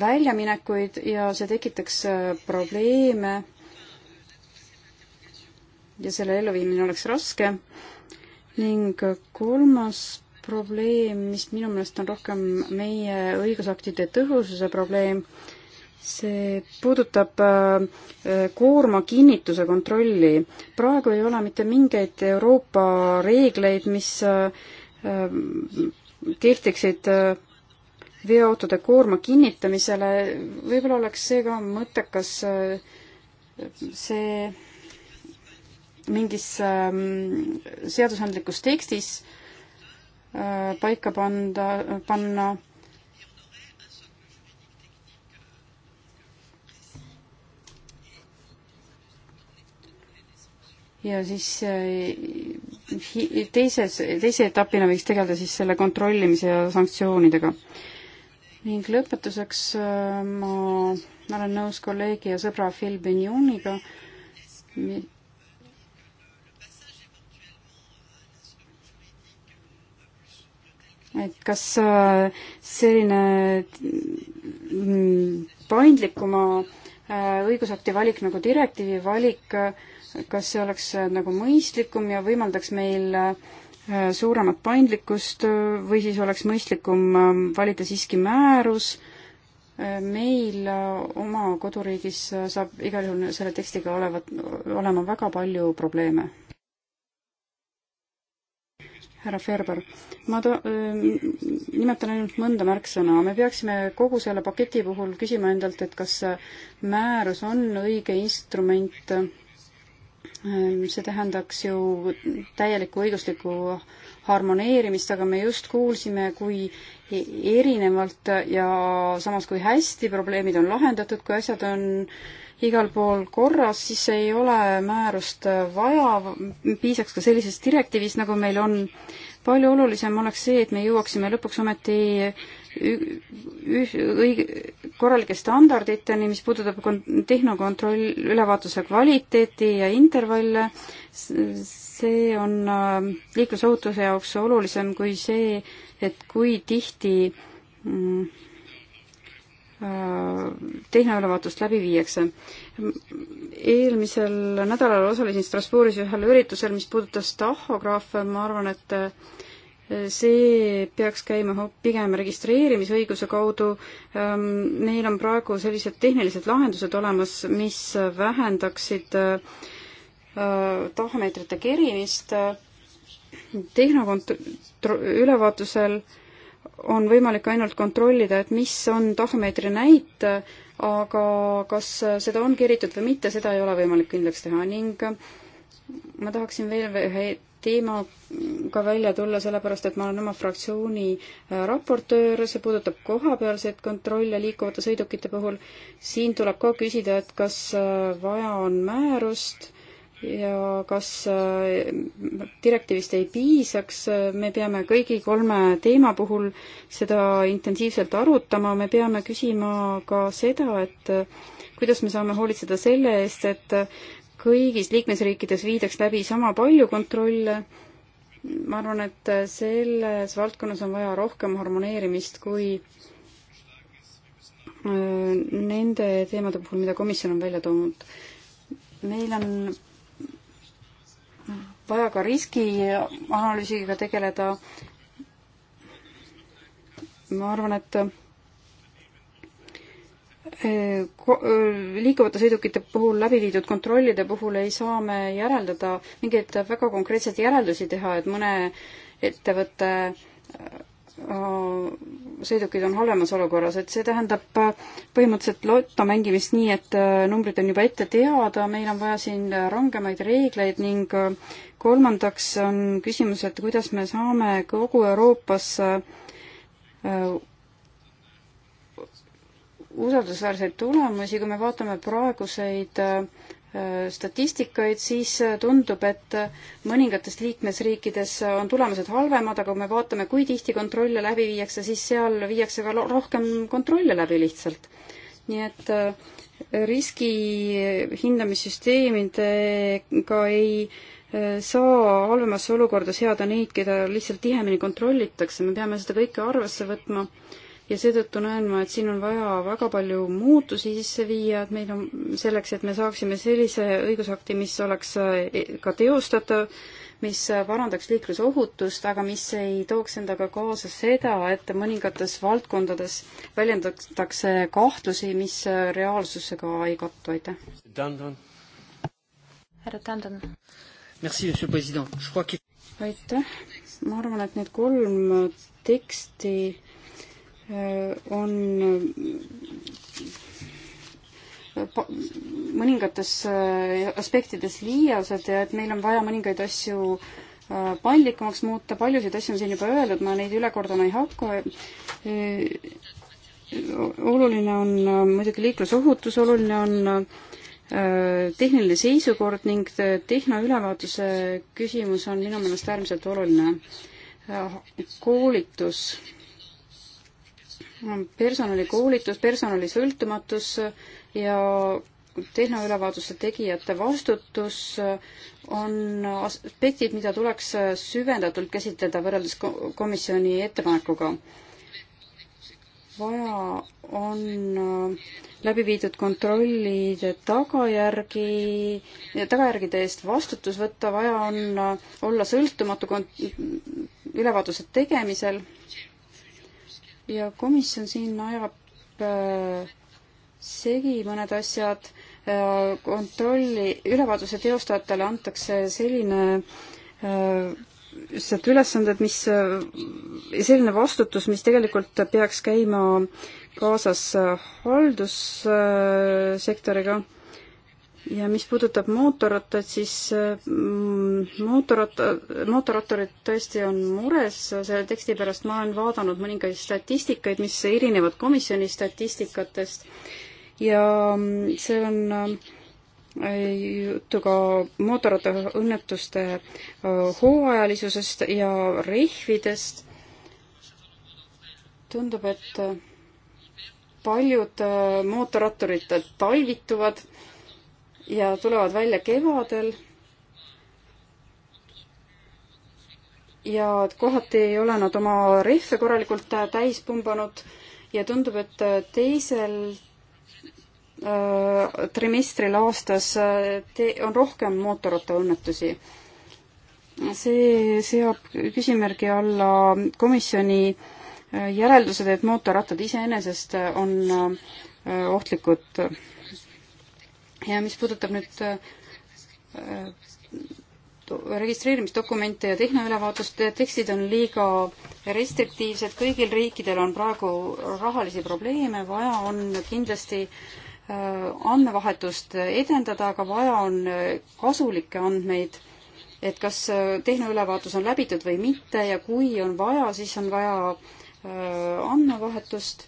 Speaker 3: väljaminekuid ja see tekitaks äh, probleeme. ja selle elluviimine oleks raske. ning kolmas probleem, mis minu meelest on rohkem meie õigusaktide tõhususe probleem, see puudutab äh, äh, koorma kinnituse kontrolli. praegu ei ole mitte mingeid Euroopa reegleid, mis äh, kehtiksid veoautode koorma kinnitamisele, võib-olla oleks seega mõttekas see mingis ähm, seadusandlikus tekstis paika panda, panna ja siis äh, teises, teise etapina võiks tegeleda siis selle kontrollimise ja sanktsioonidega. ning lõpetuseks ma, äh, ma olen nõus kolleegi ja sõbra Phil Benjoniga, et kas äh, selline mm, paindlikuma õigusakti valik nagu direktiivi valik äh, kas see oleks äh, nagu mõistlikum ja võimaldaks meil äh, suuremat paindlikkust äh, või siis oleks mõistlikum valida siiski määrus, meil oma koduriigis saab igal juhul selle tekstiga olevat, olema väga palju probleeme. härra Ferber, ma to-, nimetan ainult mõnda märksõna, me peaksime kogu selle paketi puhul küsima endalt, et kas määrus on õige instrument Ähm, see tähendaks ju täielikku õiguslikku harmoneerimist, aga me just kuulsime, kui e-, erinevalt ja samas kui hästi probleemid on lahendatud, kui asjad on igal pool korras, siis ei ole määrust vaja, piisaks ka sellisest direktiivist, nagu meil on. palju olulisem oleks see, et me jõuaksime lõpuks ometi õige, korralike standarditeni, mis puudutab tehnokontroll, ülevaatuse kvaliteeti ja intervalle, see on äh, liiklusohutuse jaoks olulisem kui see, et kui tihti mm, äh, tehnoülevaatust läbi viiakse. eelmisel nädalal osalesin Strasbourgis ühel üritusel, mis puudutas tahograafe, ma arvan, et äh, see peaks käima pigem registreerimisõiguse kaudu. Ähm, meil on praegu sellised tehnilised lahendused olemas, mis vähendaksid äh, tahomeetrite kerimist. tehnokont-, ülevaatusel on võimalik ainult kontrollida, et mis on tahomeetri näit, aga kas seda on keritud või mitte, seda ei ole võimalik kindlaks teha ning ma tahaksin veel ühe teemaga välja tulla, sellepärast et ma olen oma fraktsiooni äh, raportöör, see puudutab kohapealseid kontrolle liikuvate sõidukite puhul. siin tuleb ka küsida, et kas äh, vaja on määrust ja kas äh, direktiivist ei piisaks, me peame kõigi kolme teema puhul seda intensiivselt arutama, me peame küsima ka seda, et kuidas me saame hoolitseda selle eest, et kõigis liikmesriikides viidaks läbi sama palju kontrolle, ma arvan, et selles valdkonnas on vaja rohkem harmoneerimist kui äh, nende teemade puhul, mida komisjon on välja toonud. meil on vaja ka riskianalüüsiga tegeleda. ma arvan, et Äh, äh, liikuvate sõidukite puhul läbi viidud kontrollide puhul ei saa me järeldada mingeid väga konkreetseid järeldusi teha, et mõne ettevõtte äh, sõidukid on halvemas olukorras, et see tähendab põhimõtteliselt loto mängimist nii, et numbrid on juba ette teada, meil on vaja siin rangemaid reegleid ning kolmandaks on küsimus, et kuidas me saame kogu Euroopas usaldusväärseid tulemusi, kui me vaatame praeguseid äh, statistikaid, siis äh, tundub, et äh, mõningates liikmesriikides on tulemused halvemad, aga kui me vaatame, kui tihti kontrolle läbi viiakse, siis seal viiakse ka rohkem kontrolle läbi lihtsalt. nii et riski hindamissüsteemidega ei saa halvemasse olukorda seada neid, keda lihtsalt tihemini kontrollitakse, me peame seda kõike arvesse võtma ja seetõttu näen ma, et siin on vaja väga palju muutusi sisse viia, et meil on selleks, et me saaksime sellise õigusakti, mis oleks eh, ka teostatav, mis parandaks liiklusohutust, aga mis ei tooks endaga kaasa seda, et mõningates valdkondades väljendatakse kahtlusi, mis reaalsusega ei kattu, aitäh. härra Tandon. aitäh, ma arvan, et need kolm teksti Äh, on äh, mõningates äh, aspektides liiased ja et meil on vaja mõningaid asju paindlikumaks muuta, paljusid asju on siin juba öeldud, ma neid üle kordama ei hakka. oluline on muidugi liiklusohutus, oluline on tehniline seisukord ning tehnoülevaatuse küsimus on minu meelest äärmiselt oluline. koolitus personalikoolitus, personali sõltumatus ja tehnoülevaatuse tegijate vastutus on aspektid, mida tuleks süvendatult käsitleda võrreldes komisjoni ettepanekuga. vaja on äh, läbi viidud kontrollide tagajärgi, tagajärgide eest vastutus võtta, vaja on äh, olla sõltumatu ülevaatuse tegemisel ja komisjon siin ajab äh, segi mõned asjad, äh, kontrolli, ülevaatuse teostajatele antakse selline lihtsalt äh, ülesanded, mis, selline vastutus, mis tegelikult peaks käima kaasas haldussektoriga äh, ja mis puudutab mootorrattad, siis mm, mootorrattad, mootorratturid tõesti on mures selle teksti pärast, ma olen vaadanud mõningaid statistikaid, mis erinevad komisjoni statistikatest ja mm, see on äh, juttu ka mootorrattaõnnetuste äh, hooajalisusest ja rehvidest. tundub, et äh, paljud mootorratturid talvituvad ja tulevad välja kevadel. ja kohati ei ole nad oma rehve korralikult äh, täis pumbanud ja tundub, et äh, teisel äh, trimestril aastas te-, on rohkem mootorrattaõnnetusi. see seab küsimärgi alla komisjoni järeldused, et mootorrattad iseenesest on ohtlikud ja mis puudutab nüüd äh, registreerimisdokumente ja tehnoülevaatust, tekstid on liiga restriktiivsed, kõigil riikidel on praegu rahalisi probleeme, vaja on kindlasti äh, andmevahetust edendada, aga vaja on äh, kasulikke andmeid, et kas tehnoülevaatus on läbitud või mitte ja kui on vaja, siis on vaja andmevahetust,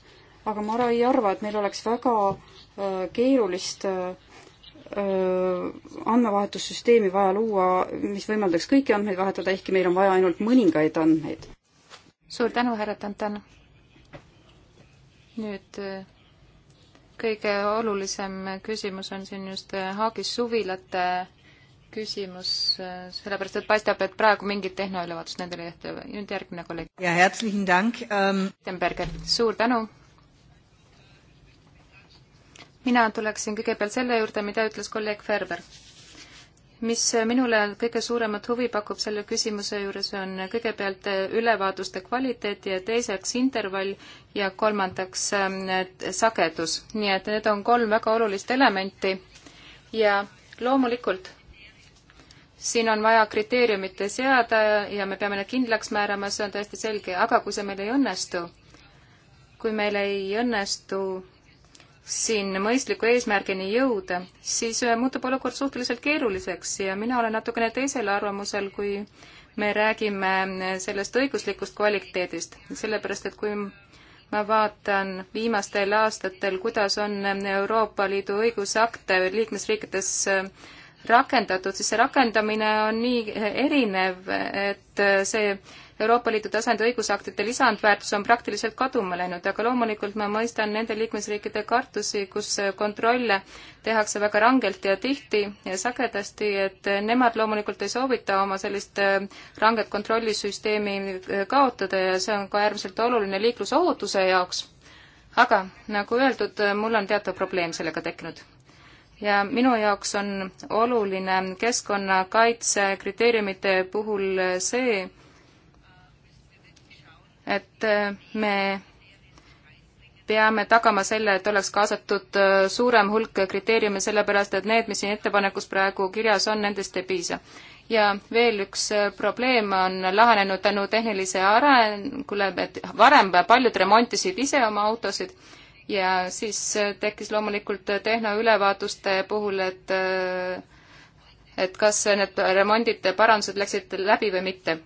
Speaker 3: aga ma ei arva, et meil oleks väga keerulist äh, andmevahetussüsteemi vaja luua, mis võimaldaks kõiki andmeid vahetada, ehkki meil on vaja ainult mõningaid andmeid.
Speaker 1: suur tänu, härra Tantan. nüüd kõige olulisem küsimus on siin just Haagis suvilate küsimus, sellepärast et paistab, et praegu mingit tehnoülevaatust nendele ei tehta. nüüd järgmine kolleeg. ja herzlichen dank um.... Ähm, Stenberger, suur tänu mina tuleksin kõigepealt selle juurde, mida ütles kolleeg Ferber. mis minule kõige suuremat huvi pakub selle küsimuse juures, on kõigepealt ülevaaduste kvaliteet ja teiseks intervall ja kolmandaks ähm, sagedus. nii et need on kolm väga olulist elementi ja loomulikult siin on vaja kriteeriumite seada ja me peame need kindlaks määrama, see on täiesti selge, aga kui see meil ei õnnestu, kui meil ei õnnestu siin mõistliku eesmärgini jõuda, siis äh, muutub olukord suhteliselt keeruliseks ja mina olen natukene teisel arvamusel, kui me räägime äh, sellest õiguslikust kvaliteedist, sellepärast et kui ma vaatan viimastel aastatel, kuidas on äh, Euroopa Liidu õigusakte liikmesriikides rakendatud, siis see rakendamine on nii erinev, et see Euroopa Liidu tasandi õigusaktide lisandväärtus on praktiliselt kaduma läinud, aga loomulikult ma mõistan nende liikmesriikide kartusi, kus kontrolle tehakse väga rangelt ja tihti ja sagedasti, et nemad loomulikult ei soovita oma sellist äh, ranget kontrollisüsteemi äh, kaotada ja see on ka äärmiselt oluline liiklusohutuse jaoks. aga nagu öeldud, äh, mul on teatav probleem sellega tekkinud ja minu jaoks on oluline keskkonnakaitse kriteeriumite puhul see, et äh, me peame tagama selle, et oleks kaasatud äh, suurem hulk kriteeriume, sellepärast et need, mis siin ettepanekus praegu kirjas on, nendest ei piisa. ja veel üks äh, probleem on lahenenud tänu tehnilise arengule, et varem paljud remontisid ise oma autosid ja siis tekkis loomulikult tehnoülevaatuste puhul, et et kas need remondid, parandused läksid läbi või mitte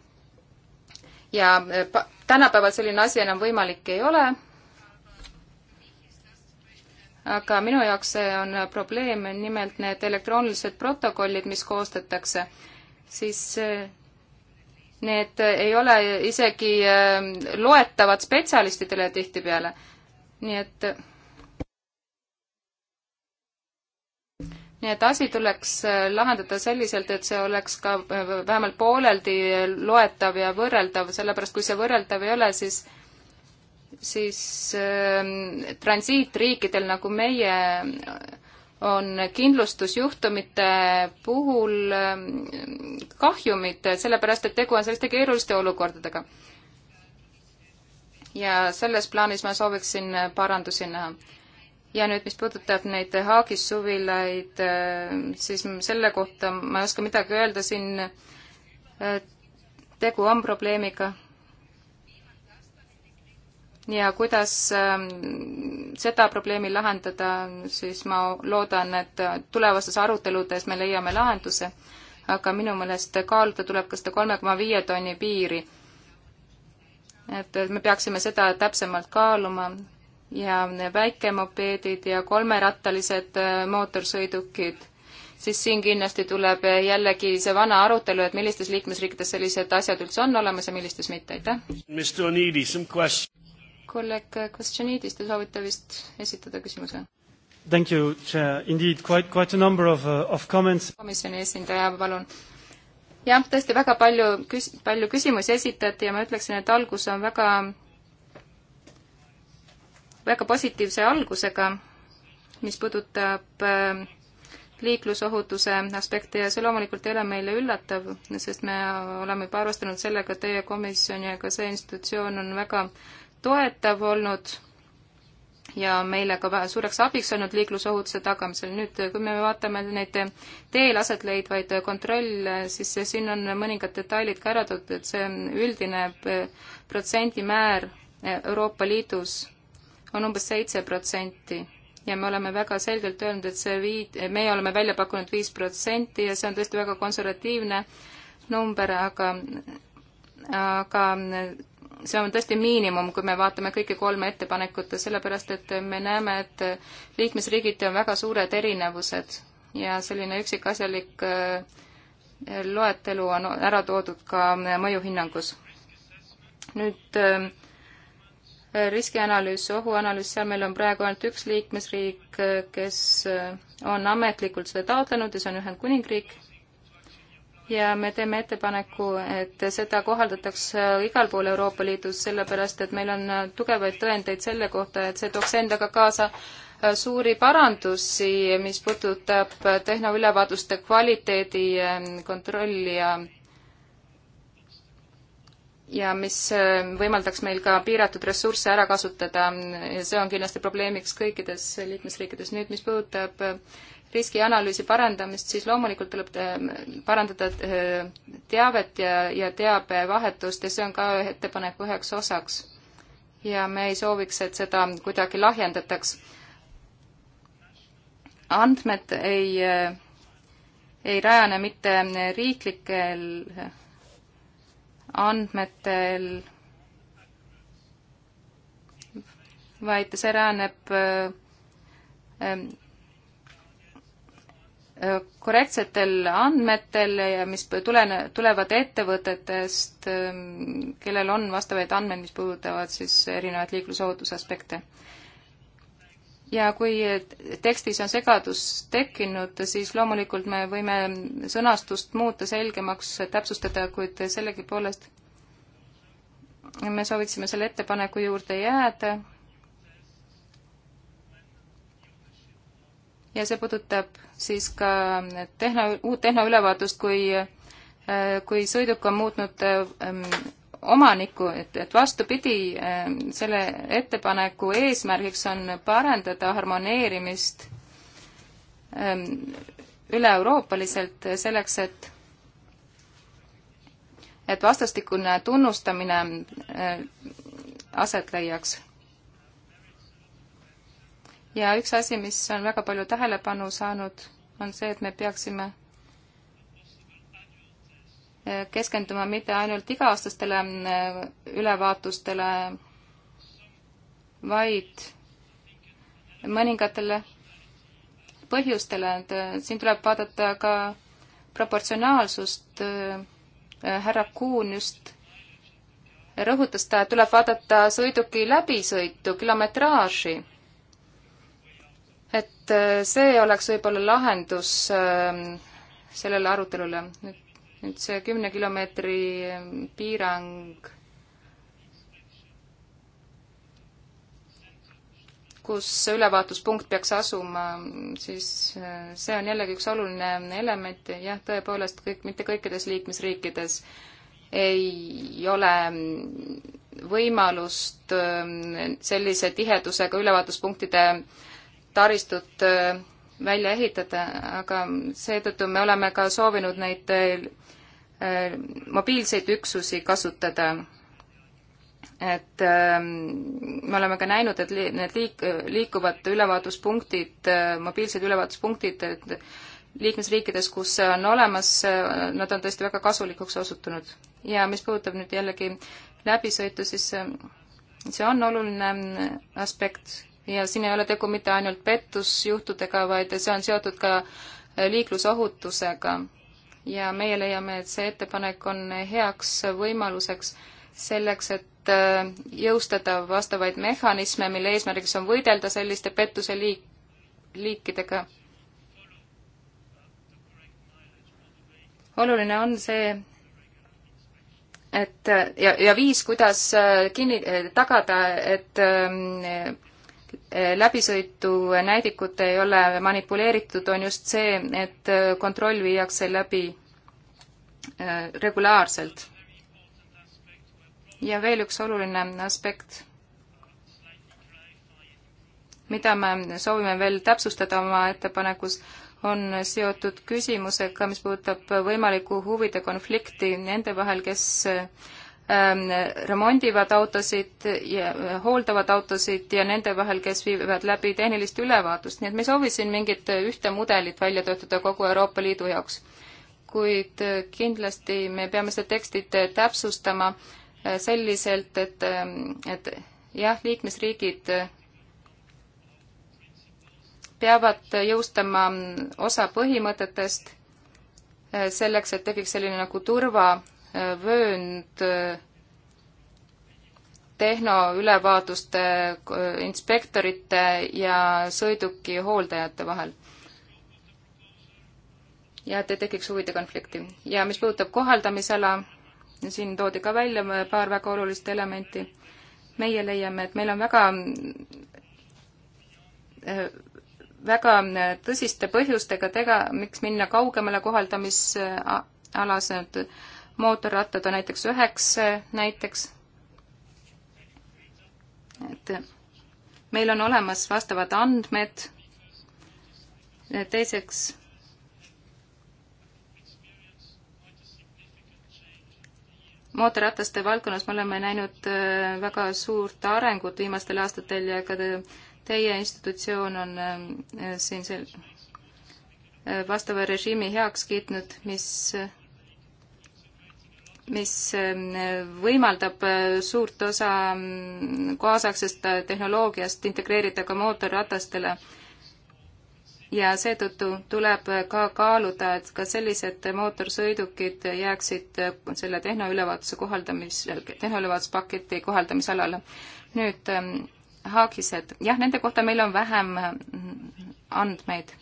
Speaker 1: ja eh, tänapäeval selline asi enam võimalik ei ole. aga minu jaoks see on eh, probleem, nimelt need elektroonilised protokollid, mis koostatakse, siis eh, need ei ole isegi loetavad spetsialistidele tihtipeale. nii et nii et asi tuleks äh, lahendada selliselt, et see oleks ka äh, vähemalt pooleldi äh, loetav ja võrreldav, sellepärast kui see võrreldav ei ole, siis siis äh, transiitriikidel nagu meie on kindlustusjuhtumite puhul ähm, kahjumid, sellepärast et tegu on selliste keeruliste olukordadega. ja selles plaanis ma sooviksin parandusi näha ja nüüd, mis puudutab neid Haagis suvilaid, äh, siis selle kohta ma ei oska midagi öelda, siin äh, tegu on probleemiga. ja kuidas ähm, seda probleemi lahendada, siis ma loodan, et tulevastes aruteludes me leiame lahenduse, aga minu meelest kaaluda tuleb ka seda kolme koma viie tonni piiri. et me peaksime seda täpsemalt kaaluma ja väikemopeedid ja kolmerattalised äh, mootorsõidukid, siis siin kindlasti tuleb äh, jällegi see vana arutelu, et millistes liikmesriikides sellised asjad üldse on olemas ja millistes mitte, aitäh. kolleeg äh, Kostjanidis, te soovite vist esitada küsimuse? Thank you, Chair. Indeed, quite, quite a number of, uh, of comments. komisjoni esindaja, palun. jah, tõesti väga palju küs-, palju küsimusi esitati ja ma ütleksin, et algus on väga väga positiivse algusega, mis puudutab äh, liiklusohutuse aspekte ja see loomulikult ei ole meile üllatav, sest me oleme juba arvestanud sellega, et teie komisjon ja ka see institutsioon on väga toetav olnud ja meile ka suureks abiks olnud liiklusohutuse tagamisel. nüüd, kui me vaatame neid teel aset leidvaid kontrolle, siis siin on mõningad detailid ka ära toodud, et see üldine äh, protsendimäär äh, Euroopa Liidus on umbes seitse protsenti ja me oleme väga selgelt öelnud, et see viid, meie oleme välja pakkunud viis protsenti ja see on tõesti väga konservatiivne number, aga, aga see on tõesti miinimum, kui me vaatame kõiki kolme ettepanekut, sellepärast et me näeme, et liikmesriigiti on väga suured erinevused ja selline üksikasjalik äh, loetelu on ära toodud ka mõjuhinnangus. nüüd äh, riskianalüüs, ohuanalüüs, seal meil on praegu ainult üks liikmesriik, kes äh, on ametlikult seda taotlenud ja see on Ühendkuningriik. ja me teeme ettepaneku, et seda kohaldatakse igal pool Euroopa Liidus, sellepärast et meil on äh, tugevaid tõendeid selle kohta, et see tooks endaga kaasa äh, suuri parandusi, mis puudutab tehnoülevaatuste kvaliteedi kontrolli ja ja mis äh, võimaldaks meil ka piiratud ressursse ära kasutada ja see on kindlasti probleemiks kõikides liikmesriikides. nüüd, mis puudutab äh, riskianalüüsi parandamist, siis loomulikult tuleb äh, parandada teavet ja, ja teabevahetust ja see on ka ettepaneku üheks osaks. ja me ei sooviks, et seda kuidagi lahjendataks. andmed ei, ei rajane mitte riiklikel andmetel, vaid see rääneb korrektsetel andmetel ja mis tulene, tulevad ettevõtetest, ähm, kellel on vastavaid andmeid, mis puudutavad siis erinevaid liiklusohutuse aspekte ja kui tekstis on segadus tekkinud, siis loomulikult me võime sõnastust muuta selgemaks, täpsustada, kuid sellegipoolest me sooviksime selle ettepaneku juurde jääda. ja see puudutab siis ka tehno, uut tehnoülevaatust, kui, kui sõiduk on muutnud ähm, omanikku, et, et vastupidi, eh, selle ettepaneku eesmärgiks on parandada harmoneerimist ehm, üle-euroopaliselt selleks, et et vastastikune tunnustamine eh, aset leiaks. ja üks asi, mis on väga palju tähelepanu saanud, on see, et me peaksime keskenduma mitte ainult iga-aastastele äh, ülevaatustele, vaid mõningatele põhjustele, et äh, siin tuleb vaadata ka proportsionaalsust. Äh, härra Kuhn just rõhutas seda, et tuleb vaadata sõiduki läbisõitu, kilometraaži. et see oleks võib-olla lahendus sellele arutelule. nüüd nüüd see kümne kilomeetri eh, piirang, kus see ülevaatuspunkt peaks asuma, siis eh, see on jällegi üks oluline element, jah, tõepoolest kõik, mitte kõikides liikmesriikides ei ole mm, võimalust eh, sellise tihedusega ülevaatuspunktide taristut välja ehitada, aga seetõttu me oleme ka soovinud neid Äh, mobiilseid üksusi kasutada. et ähm, me oleme ka näinud, et need liik-, liikuvad ülevaatuspunktid, äh, mobiilsed ülevaatuspunktid liikmesriikides, kus see on olemas, äh, nad on tõesti väga kasulikuks osutunud. ja mis puudutab nüüd jällegi läbisõitu, siis see on oluline aspekt ja siin ei ole tegu mitte ainult pettusjuhtudega, vaid see on seotud ka liiklusohutusega ja meie leiame, et see ettepanek on heaks võimaluseks selleks, et äh, jõustada vastavaid mehhanisme, mille eesmärgiks on võidelda selliste pettuse liik-, liikidega. oluline on see, et ja, ja viis, kuidas äh, kinni, tagada, et ähm, läbisõitu näidikut ei ole manipuleeritud, on just see, et kontroll viiakse läbi äh, regulaarselt. ja veel üks oluline aspekt, mida me soovime veel täpsustada oma ettepanekus, on seotud küsimusega, mis puudutab võimalikku huvide konflikti nende vahel, kes Ähm, remondivad autosid ja äh, hooldavad autosid ja nende vahel, kes viivad läbi tehnilist ülevaatust, nii et me ei soovi siin mingit äh, ühte mudelit välja töötada kogu Euroopa Liidu jaoks. kuid äh, kindlasti me peame seda tekstit täpsustama selliselt, et, ähm, et jah, liikmesriigid peavad jõustama mm, osa põhimõtetest selleks, et tekiks selline nagu turva vöönd tehnoülevaatuste inspektorite ja sõiduki hooldajate vahel. ja et ei tekiks huvide konflikti. ja mis puudutab kohaldamisala, siin toodi ka välja paar väga olulist elementi. meie leiame, et meil on väga väga tõsiste põhjustega tega-, miks minna kaugemale kohaldamisalas, et mootorrattad on näiteks üheks näiteks. et meil on olemas vastavad andmed. teiseks mootorrataste valdkonnas me oleme näinud äh, väga suurt arengut viimastel aastatel ja ka teie institutsioon on äh, siin sel äh, vastava režiimi heaks kiitnud, mis mis ähm, võimaldab äh, suurt osa mm, kaasaegsest äh, tehnoloogiast integreerida ka mootorratastele. ja seetõttu tuleb äh, ka kaaluda, et ka sellised mootorsõidukid jääksid selle tehnoülevaatuse kohaldamis, tehnoülevaatuspaketi kohaldamisalale. nüüd ähm, haagised, jah, nende kohta meil on vähem mm, andmeid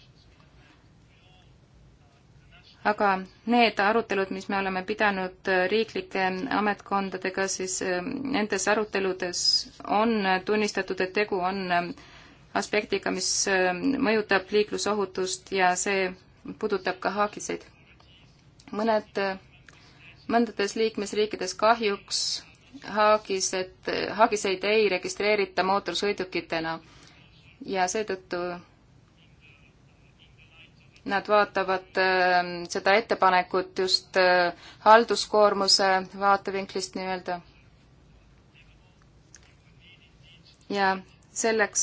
Speaker 1: aga need arutelud, mis me oleme pidanud äh, riiklike ametkondadega, siis äh, nendes aruteludes on tunnistatud, et tegu on ähm, aspektiga, mis ähm, mõjutab liiklusohutust ja see puudutab ka haagiseid. mõned, äh, mõndades liikmesriikides kahjuks haagised, haagiseid ei registreerita mootorsõidukitena ja seetõttu nad vaatavad ähm, seda ettepanekut just äh, halduskoormuse vaatevinklist nii-öelda. ja selleks,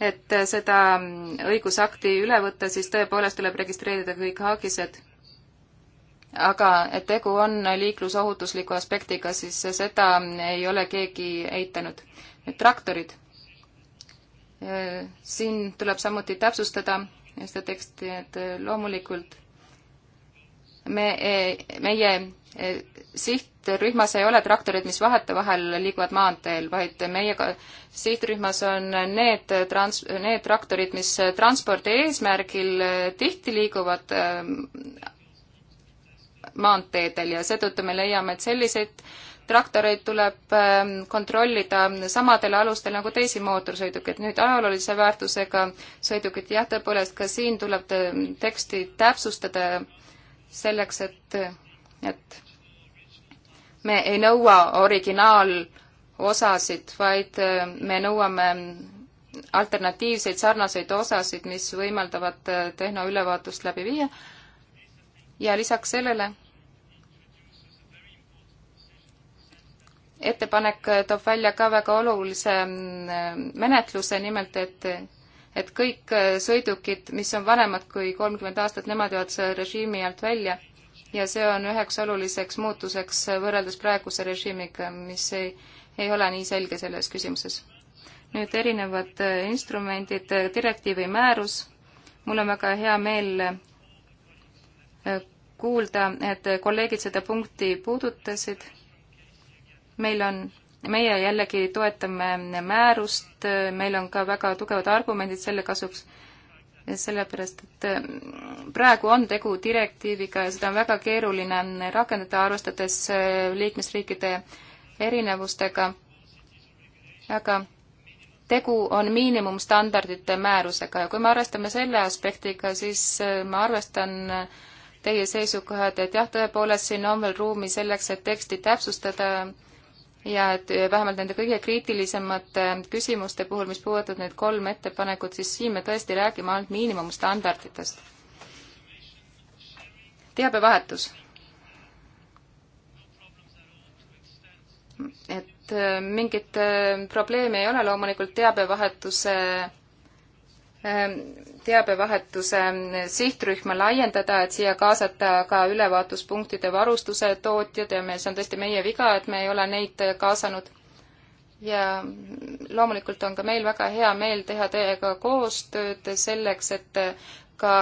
Speaker 1: et äh, seda mm, õigusakti üle võtta, siis tõepoolest tuleb registreerida kõik haagised. aga et tegu on liiklusohutusliku aspektiga, siis seda mm, ei ole keegi eitanud. nüüd traktorid. Äh, siin tuleb samuti täpsustada seda teksti, et loomulikult me, meie eh, sihtrühmas ei ole traktorid, mis vahetevahel liiguvad maanteel, vaid meie sihtrühmas on need trans-, need traktorid, mis transpordi eesmärgil eh, tihti liiguvad eh, maanteedel ja seetõttu me leiame, et selliseid traktoreid tuleb ähm, kontrollida samadel alustel nagu teisi mootorsõidukeid. nüüd ajaloolise väärtusega sõidukid, jah, tõepoolest ka siin tuleb teksti täpsustada selleks, et, et me ei nõua originaalosasid, vaid äh, me nõuame alternatiivseid sarnaseid osasid, mis võimaldavad äh, tehnoülevaatust läbi viia. ja lisaks sellele ettepanek toob välja ka väga olulise mm, menetluse, nimelt et et kõik sõidukid, mis on vanemad kui kolmkümmend aastat, nemad jäävad selle režiimi alt välja ja see on üheks oluliseks muutuseks võrreldes praeguse režiimiga, mis ei, ei ole nii selge selles küsimuses. nüüd erinevad äh, instrumendid, äh, direktiiv või määrus, mul on väga hea meel äh, kuulda, et kolleegid seda punkti puudutasid meil on, meie jällegi toetame määrust, meil on ka väga tugevad argumendid selle kasuks, sellepärast et mm, praegu on tegu direktiiviga ja seda on väga keeruline rakendada, arvestades äh, liikmesriikide erinevustega, aga tegu on miinimumstandardite määrusega ja kui me arvestame selle aspektiga, siis äh, ma arvestan äh, teie seisukohad, et jah, tõepoolest siin on veel ruumi selleks, et teksti täpsustada ja et vähemalt nende kõige kriitilisemate küsimuste puhul, mis puudutab neid kolm ettepanekut, siis siin me tõesti räägime ainult miinimumstandarditest. teabevahetus. et mingit probleemi ei ole loomulikult teabevahetuse Ähm, teabevahetuse sihtrühma laiendada, et siia kaasata ka ülevaatuspunktide varustuse tootjad ja me, see on tõesti meie viga, et me ei ole neid kaasanud. ja loomulikult on ka meil väga hea meel teha teiega koostööd selleks, et ka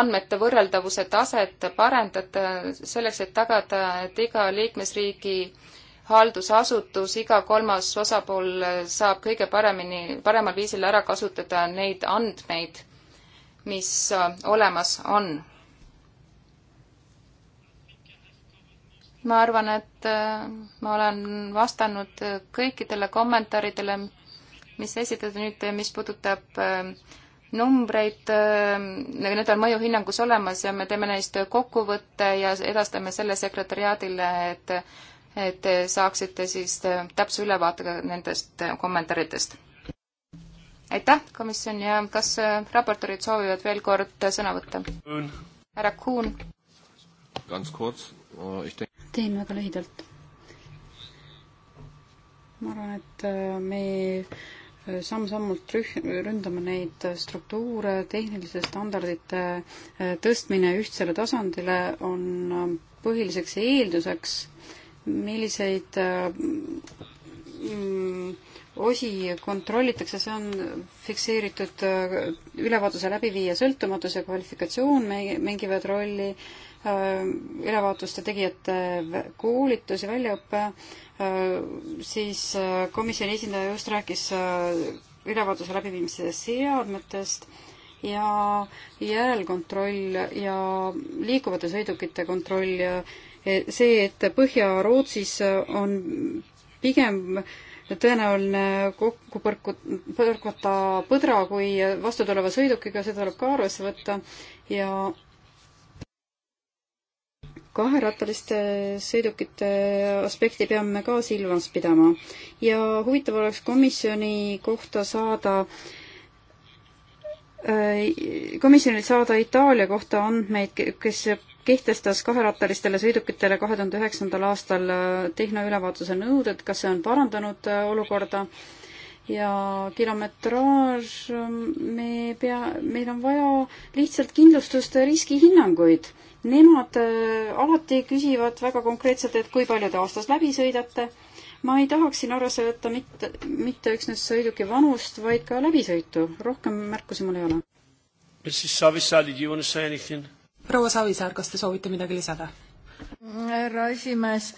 Speaker 1: andmete võrreldavuse taset parandada, selleks et tagada, et iga liikmesriigi äh, haldusasutus, iga kolmas osapool saab kõige paremini, paremal viisil ära kasutada neid andmeid, mis äh, olemas on. ma arvan, et äh, ma olen vastanud kõikidele kommentaaridele, mis esitati nüüd, mis puudutab äh, numbreid, need on mõjuhinnangus olemas ja me teeme neist kokkuvõtte ja edastame selle sekretäriaadile, et et te saaksite siis täpse ülevaate nendest kommentaaridest. aitäh, komisjon ja kas äh, raportorid soovivad veel kord sõna võtta? härra Kuhn.
Speaker 2: Oh,
Speaker 3: teen väga lühidalt. ma arvan, et äh, me äh, samm-sammult ründame neid struktuure, tehniliste standardite tõstmine ühtsele tasandile on põhiliseks eelduseks milliseid äh, osi kontrollitakse, see on fikseeritud äh, ülevaatuse läbiviija sõltumatus ja kvalifikatsioon mängivad rolli, äh, ülevaatuste tegijate koolitus ja väljaõpe, siis komisjoni esindaja just rääkis ülevaatuse läbiviimise seadmetest ja järelkontroll ja liikuvate sõidukite kontroll ja see, et Põhja-Rootsis on pigem tõenäoline kokku põrku-, põrkuda põdra kui vastu tuleva sõidukiga, seda tuleb ka arvesse võtta ja kaherattaliste sõidukite aspekti peame ka silmas pidama. ja huvitav oleks komisjoni kohta saada, äh, komisjonilt saada Itaalia kohta andmeid, kes kehtestas kaherattalistele sõidukitele kahe tuhande üheksandal aastal äh, tehnoülevaatuse nõuded, kas see on parandanud äh, olukorda ja kilometraaž, äh, me pea, meil on vaja lihtsalt kindlustuste riskihinnanguid. Nemad alati küsivad väga konkreetselt, et kui palju te aastas läbi sõidate. ma ei tahaks siin arvesse võtta mitte, mitte üksnes sõiduki vanust, vaid ka läbisõitu. rohkem märkusi mul ei ole. Mrs Savisaar, did you want to say anything?
Speaker 2: proua Savisaar, kas te soovite midagi lisada?
Speaker 4: härra esimees,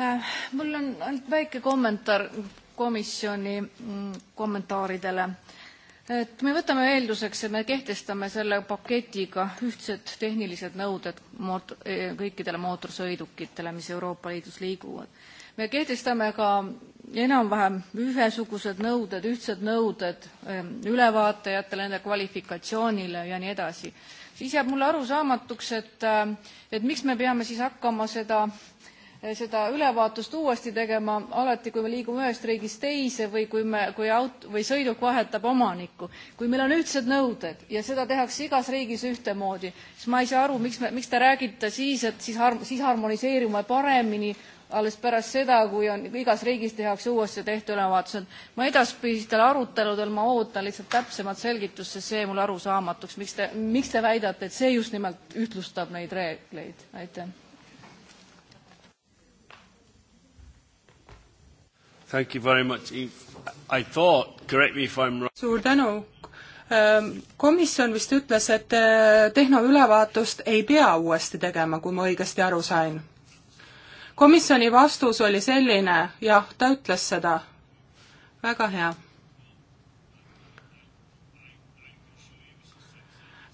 Speaker 4: äh, mul on ainult väike kommentaar komisjoni mm, kommentaaridele. et me võtame eelduseks, et me kehtestame selle paketiga ühtsed tehnilised nõuded moot-, e, kõikidele mootorsõidukitele, mis Euroopa Liidus liiguvad. me kehtestame ka enam-vähem ühesugused nõuded, ühtsed nõuded ähm, ülevaatajatele, nende kvalifikatsioonile ja nii edasi siis jääb mulle arusaamatuks, et, äh, et miks me peame siis hakkama seda äh, seda ülevaatust uuesti tegema alati, kui me liigume ühest riigist teise või kui me, kui aut- või sõiduk vahetab omanikku. kui meil on ühtsed nõuded ja seda tehakse igas riigis ühtemoodi, siis ma ei saa aru, miks me, miks te räägite siis, et siis har-, siis harmoniseerime paremini, alles pärast seda, kui on, igas riigis tehakse uuesti tehtud ülevaatused. ma edaspidistel aruteludel, ma ootan lihtsalt täpsemat selgitust, sest see jäi mulle arusaamatuks, miks te, miks te väidate, et see just nimelt ühtlustab neid reegleid, aitäh.
Speaker 2: Thank you very much, Eve. I thought, correct me if I'm wrong. suur tänu. Ähm, komisjon vist ütles, et äh, tehnoülevaatust ei pea uuesti tegema, kui ma õigesti aru sain komisjoni vastus oli selline, jah, ta ütles seda. väga hea.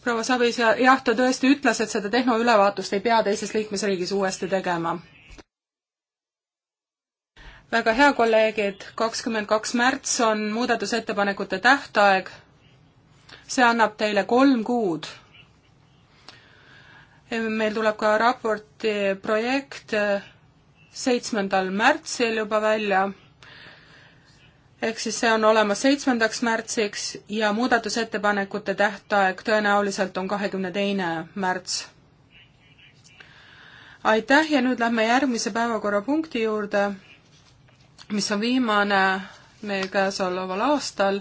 Speaker 2: proua Savis, jah, ta tõesti ütles, et seda tehnoülevaatust ei pea teises liikmesriigis uuesti tegema väga hea, kolleegid, kakskümmend kaks märts on muudatusettepanekute tähtaeg. see annab teile kolm kuud. meil tuleb ka raporti projekt seitsmendal märtsil juba välja, ehk siis see on olemas seitsmendaks märtsiks ja muudatusettepanekute tähtaeg tõenäoliselt on kahekümne teine märts. aitäh ja nüüd lähme järgmise päevakorrapunkti juurde, mis on viimane meie käesoleval aastal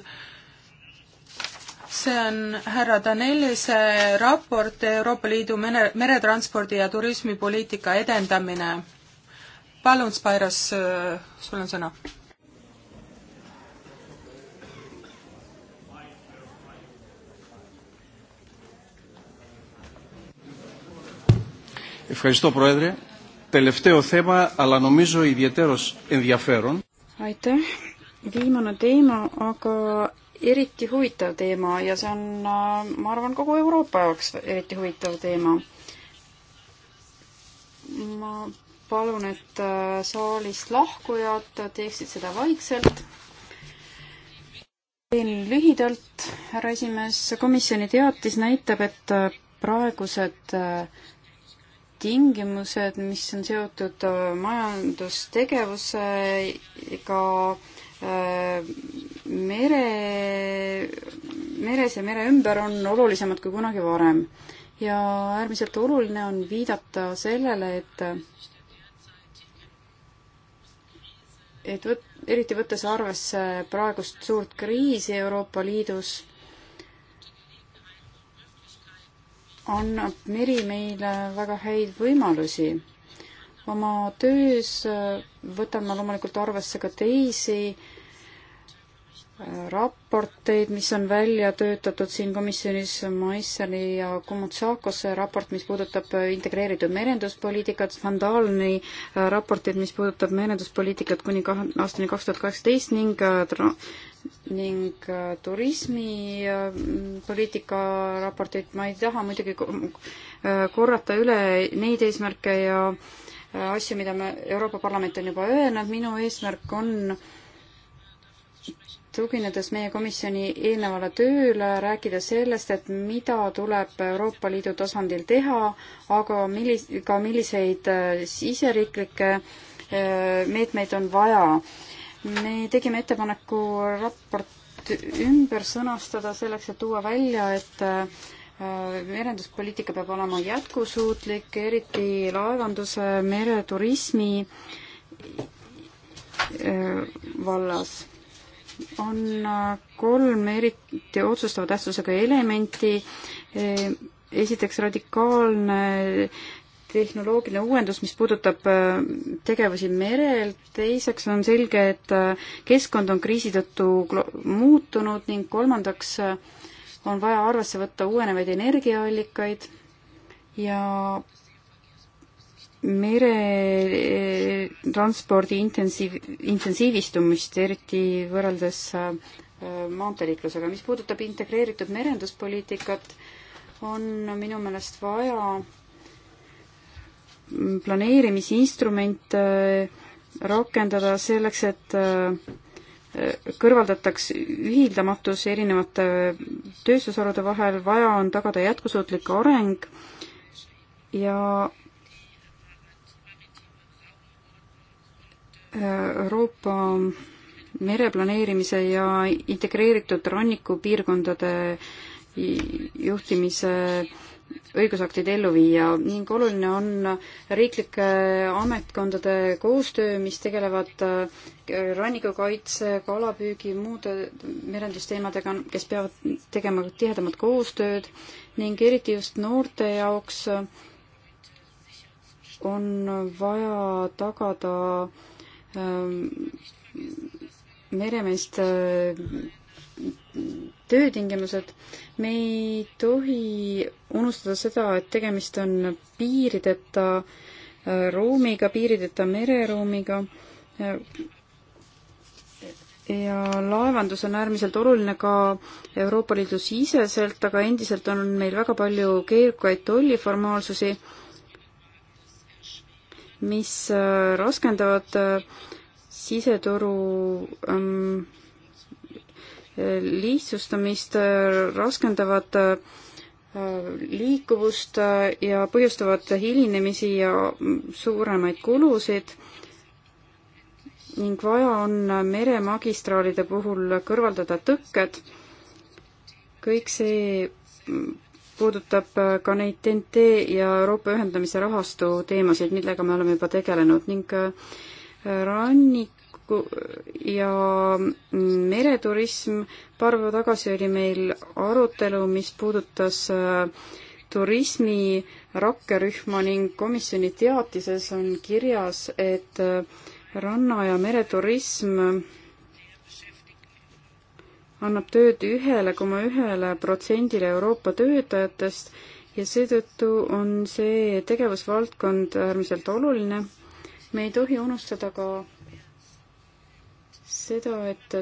Speaker 2: see on härra Danellise raport Euroopa Liidu mere, meretranspordi ja turismipoliitika edendamine palun, Spyros, äh, sul on sõna.
Speaker 3: Ευχαριστώ, Πρόεδρε. Τελευταίο θέμα, αλλά νομίζω ιδιαίτερος ενδιαφέρον. Aitäh. Viimane teema, aga eriti huvitav teema ja see on, äh, ma arvan, kogu Euroopa jaoks eriti huvitav teema. ma palun, et äh, saalist lahkujad teeksid seda vaikselt. teen lühidalt, härra esimees, komisjoni teatis näitab, et äh, praegused äh, tingimused, mis on seotud majandustegevusega mere, meres ja mere ümber on olulisemad kui kunagi varem ja äärmiselt oluline on viidata sellele, et et võt-, eriti võttes arvesse praegust suurt kriisi Euroopa Liidus, annab meri meile väga häid võimalusi. oma töös äh, võtan ma loomulikult arvesse ka teisi raporteid, mis on välja töötatud siin komisjonis, Maissani ja Komutsakose raport, mis puudutab integreeritud merenduspoliitikat, Vandalni raportid, mis puudutab merenduspoliitikat kuni kahe, aastani kaks tuhat kaheksateist ning äh, ning äh, turismipoliitika äh, raporteid, ma ei taha muidugi korrata üle neid eesmärke ja asju, mida me, Euroopa Parlament on juba öelnud, minu eesmärk on äh, tuginedes meie komisjoni eelnevale tööle, rääkida sellest, et mida tuleb Euroopa Liidu tasandil teha, aga millis-, ka milliseid äh, siseriiklikke äh, meetmeid on vaja. me tegime ettepaneku raport ümber sõnastada selleks, et tuua välja, et äh, merenduspoliitika peab olema jätkusuutlik, eriti laevanduse, mereturismi vallas on äh, kolm eriti otsustava tähtsusega elementi. Äh, esiteks radikaalne tehnoloogiline uuendus, mis puudutab äh, tegevusi merel, teiseks on selge, et keskkond on kriisi tõttu muutunud ning kolmandaks on vaja arvesse võtta uuenevaid energiaallikaid ja meretranspordi eh, intensiiv, intensiivistumist, eriti võrreldes eh, maanteeliiklusega. mis puudutab integreeritud merenduspoliitikat, on minu meelest vaja planeerimisinstrumente eh, rakendada selleks, et kõrvaldataks ühildamatus erinevate tööstusharude vahel, vaja on tagada jätkusuutlik areng ja Euroopa mereplaneerimise ja integreeritud rannikupiirkondade juhtimise õigusaktid ellu viia ning oluline on riiklike ametkondade koostöö, mis tegelevad äh, rannikukaitse, kalapüügi, muude merendusteemadega, kes peavad tegema tihedamat koostööd ning eriti just noorte jaoks on vaja tagada äh, meremeeste töötingimused. me ei tohi unustada seda, et tegemist on piirideta ruumiga, piirideta mereruumiga. ja laevandus on äärmiselt oluline ka Euroopa Liidu siseselt, aga endiselt on meil väga palju keerukaid tolliformaalsusi mis äh, raskendavad äh, siseturu ähm, äh, lihtsustamist, raskendavad liikuvust ja põhjustavad hilinemisi ja mm, suuremaid kulusid ning vaja on meremagistraalide puhul kõrvaldada tõkked. kõik see mm, puudutab äh, ka neid TNT ja Euroopa ühendamise rahastu teemasid, millega me oleme juba tegelenud ning äh, ranniku ja mm, mereturism, paar päeva tagasi oli meil arutelu, mis puudutas äh, turismi rakkerühma ning komisjoni teatises on kirjas, et ranna- ja mereturism annab tööd ühele koma ühele protsendile Euroopa töötajatest ja seetõttu on see tegevusvaldkond äärmiselt oluline. me ei tohi unustada ka seda, et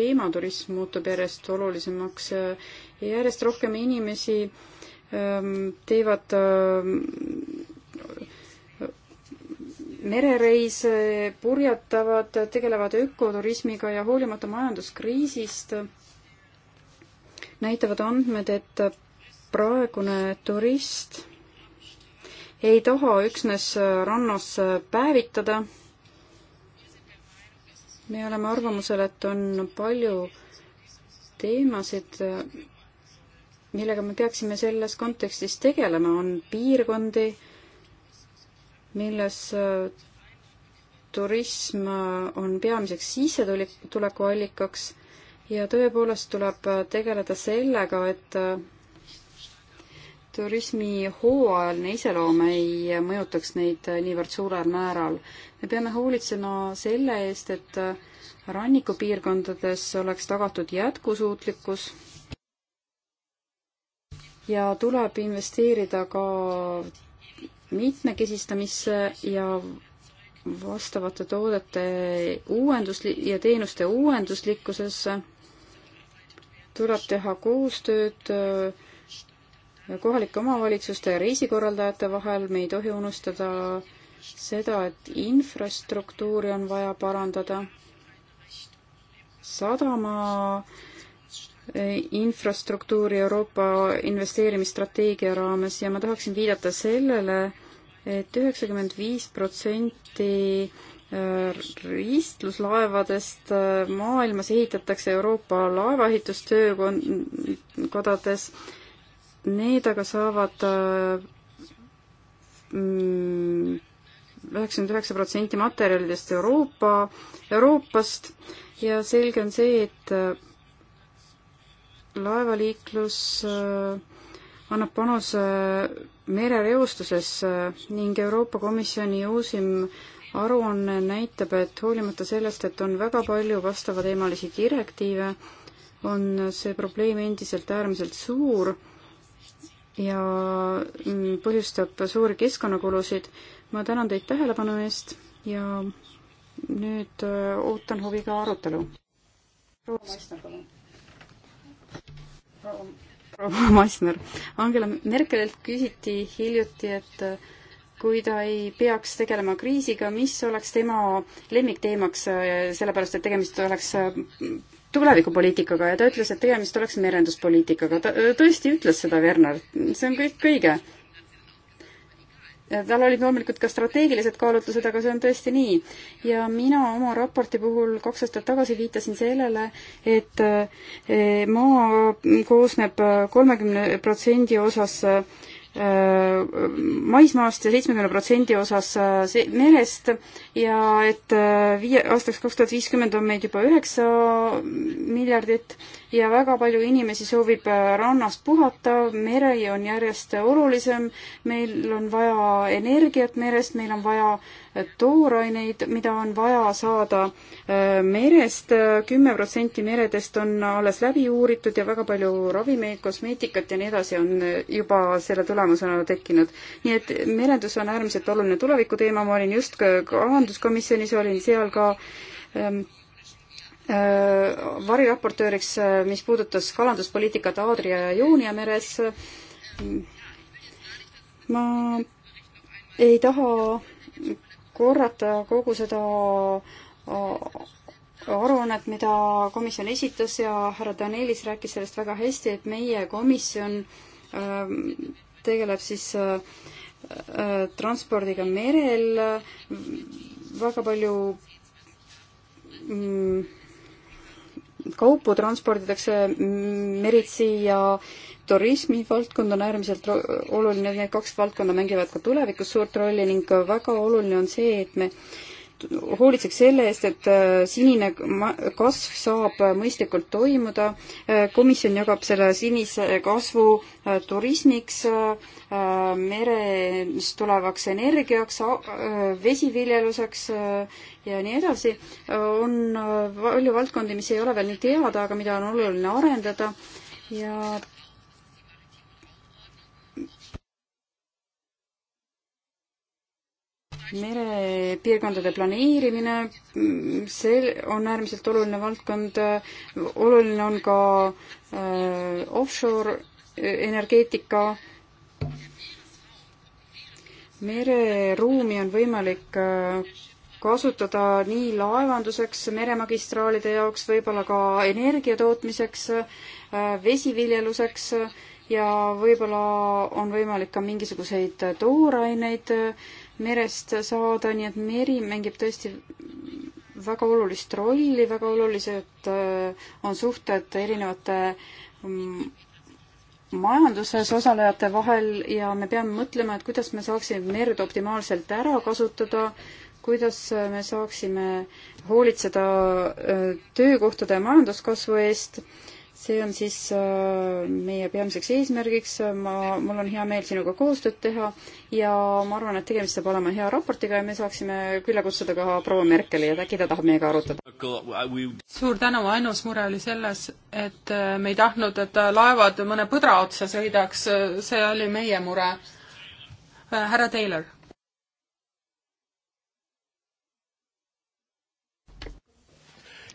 Speaker 3: teematurism muutub järjest olulisemaks ja järjest rohkem inimesi ähm, teevad ähm, merereise purjetavad, tegelevad ökoturismiga ja hoolimata majanduskriisist näitavad andmed, et praegune turist ei taha üksnes rannas päevitada. me oleme arvamusel, et on palju teemasid, millega me peaksime selles kontekstis tegelema, on piirkondi, milles äh, turism äh, on peamiseks sissetuleku allikaks ja tõepoolest tuleb äh, tegeleda sellega, et turismi hooajaline iseloom ei mõjutaks neid niivõrd suurel määral. me peame hoolitsema selle eest, et rannikupiirkondades oleks tagatud jätkusuutlikkus ja tuleb investeerida ka mitmekesistamisse ja vastavate toodete uuendus- ja teenuste uuenduslikkusesse. tuleb teha koostööd äh, kohalike omavalitsuste ja reisikorraldajate vahel, me ei tohi unustada seda, et infrastruktuuri on vaja parandada. sadama infrastruktuuri Euroopa investeerimisstrateegia raames ja ma tahaksin viidata sellele et, et üheksakümmend viis protsenti äh, ristluslaevadest äh, maailmas ehitatakse Euroopa laevaehitustöökodades, need aga saavad äh, mm, üheksakümmend üheksa protsenti materjalidest Euroopa, Euroopast ja selge on see, et laevaliiklus äh, annab panuse merereostuses ning Euroopa Komisjoni uusim aruanne näitab, et hoolimata sellest, et on väga palju vastavateemalisi direktiive, on see probleem endiselt äärmiselt suur ja mm, põhjustab suuri keskkonnakulusid. ma tänan teid tähelepanu eest ja nüüd äh, ootan huviga arutelu. proua Maisner, palun proua Maisner, Angela Merkelilt küsiti hiljuti, et äh, kui ta ei peaks tegelema kriisiga, mis oleks tema lemmikteemaks, äh, sellepärast et tegemist oleks äh, tulevikupoliitikaga ja ta ütles, et tegemist oleks merenduspoliitikaga. ta tõesti ütles seda, Werner, see on kõik õige tal olid loomulikult ka strateegilised kaalutlused, aga see on tõesti nii. ja mina oma raporti puhul kaks aastat tagasi viitasin sellele, et eh, maa koosneb kolmekümne protsendi osas eh, Äh, maismaast ja seitsmekümne protsendi osas äh, merest ja et äh, viie, aastaks kaks tuhat viiskümmend on meid juba üheksa miljardit ja väga palju inimesi soovib rannas puhata, meri on järjest olulisem, meil on vaja energiat merest, meil on vaja äh, tooraineid, mida on vaja saada äh, merest, kümme protsenti meredest on alles läbi uuritud ja väga palju ravimeid, kosmeetikat ja nii edasi on juba selle tulemusena tekkinud. nii et merendus on äärmiselt oluline tulevikuteema, ma olin just rahanduskomisjonis, olin seal ka ähm, äh, variraportööriks, äh, mis puudutas kalanduspoliitikat Aadria ja Joonia meres. ma ei taha korrata kogu seda äh, aruannet, mida komisjon esitas ja härra Danielis rääkis sellest väga hästi, et meie komisjon ähm, tegeleb siis äh, äh, transpordiga merel, väga palju mm, kaupu transporditakse meritsi ja äh, turismivaldkond on äärmiselt oluline, need kaks valdkonda mängivad ka tulevikus suurt rolli ning väga oluline on see, et me hoolitseks selle eest, et äh, sinine kasv saab äh, mõistlikult toimuda. Äh, komisjon jagab selle sinise kasvu turismiks, merest tulevaks energiaks, vesiviljeluseks ja nii edasi. on palju valdkondi, mis ei ole veel nii teada, aga mida on oluline arendada ja merepiirkondade planeerimine, see on äärmiselt oluline valdkond, oluline on ka äh, offshore äh, energeetika. mereruumi on võimalik äh, kasutada nii laevanduseks, meremagistraalide jaoks, võib-olla ka energia tootmiseks, äh, vesiviljeluseks ja võib-olla on võimalik ka mingisuguseid tooraineid merest saada, nii et meri mängib tõesti väga olulist rolli, väga olulised äh, on suhted erinevate mm, majanduses osalejate vahel ja me peame mõtlema, et kuidas me saaksime merd optimaalselt ära kasutada, kuidas me saaksime hoolitseda äh, töökohtade ja majanduskasvu eest see on siis äh, meie peamiseks eesmärgiks, ma, mul on hea meel sinuga koostööd teha ja ma arvan, et tegemist saab olema hea raportiga ja me saaksime külla kutsuda ka proua Merkeli, et äkki ta tahab meiega arutada.
Speaker 2: suur tänu, ainus mure oli selles, et äh, me ei tahtnud, et äh, laevad mõne põdra otsa sõidaks, see oli meie mure. härra Taylor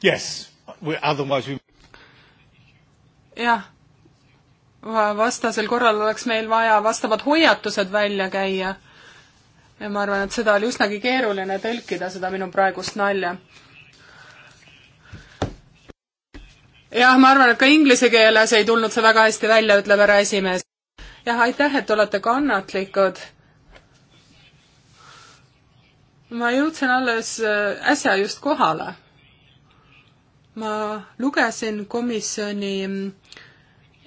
Speaker 2: Yes, otherwise we jah, vastasel korral oleks meil vaja vastavad hoiatused välja käia. ja ma arvan, et seda oli üsnagi keeruline tõlkida, seda minu praegust nalja. jah, ma arvan, et ka inglise keeles ei tulnud see väga hästi välja, ütleb härra esimees. jah, aitäh, et olete kannatlikud. ma jõudsin alles äh, äsja just kohale ma lugesin komisjoni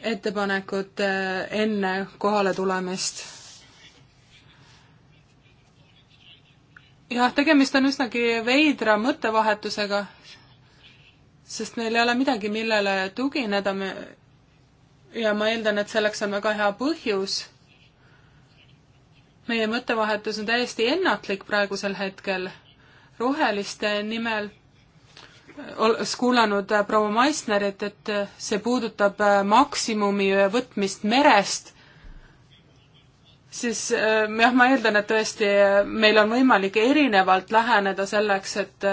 Speaker 2: ettepanekut eh, enne kohale tulemist. jah, tegemist on üsnagi veidra mõttevahetusega, sest meil ei ole midagi, millele tugineda me ja ma eeldan, et selleks on väga hea põhjus. meie mõttevahetus on täiesti ennatlik praegusel hetkel. roheliste nimel olles kuulanud äh, proua Meissnerit, et äh, see puudutab äh, maksimumi võtmist merest, siis jah, ma eeldan, et tõesti meil on võimalik erinevalt läheneda selleks, et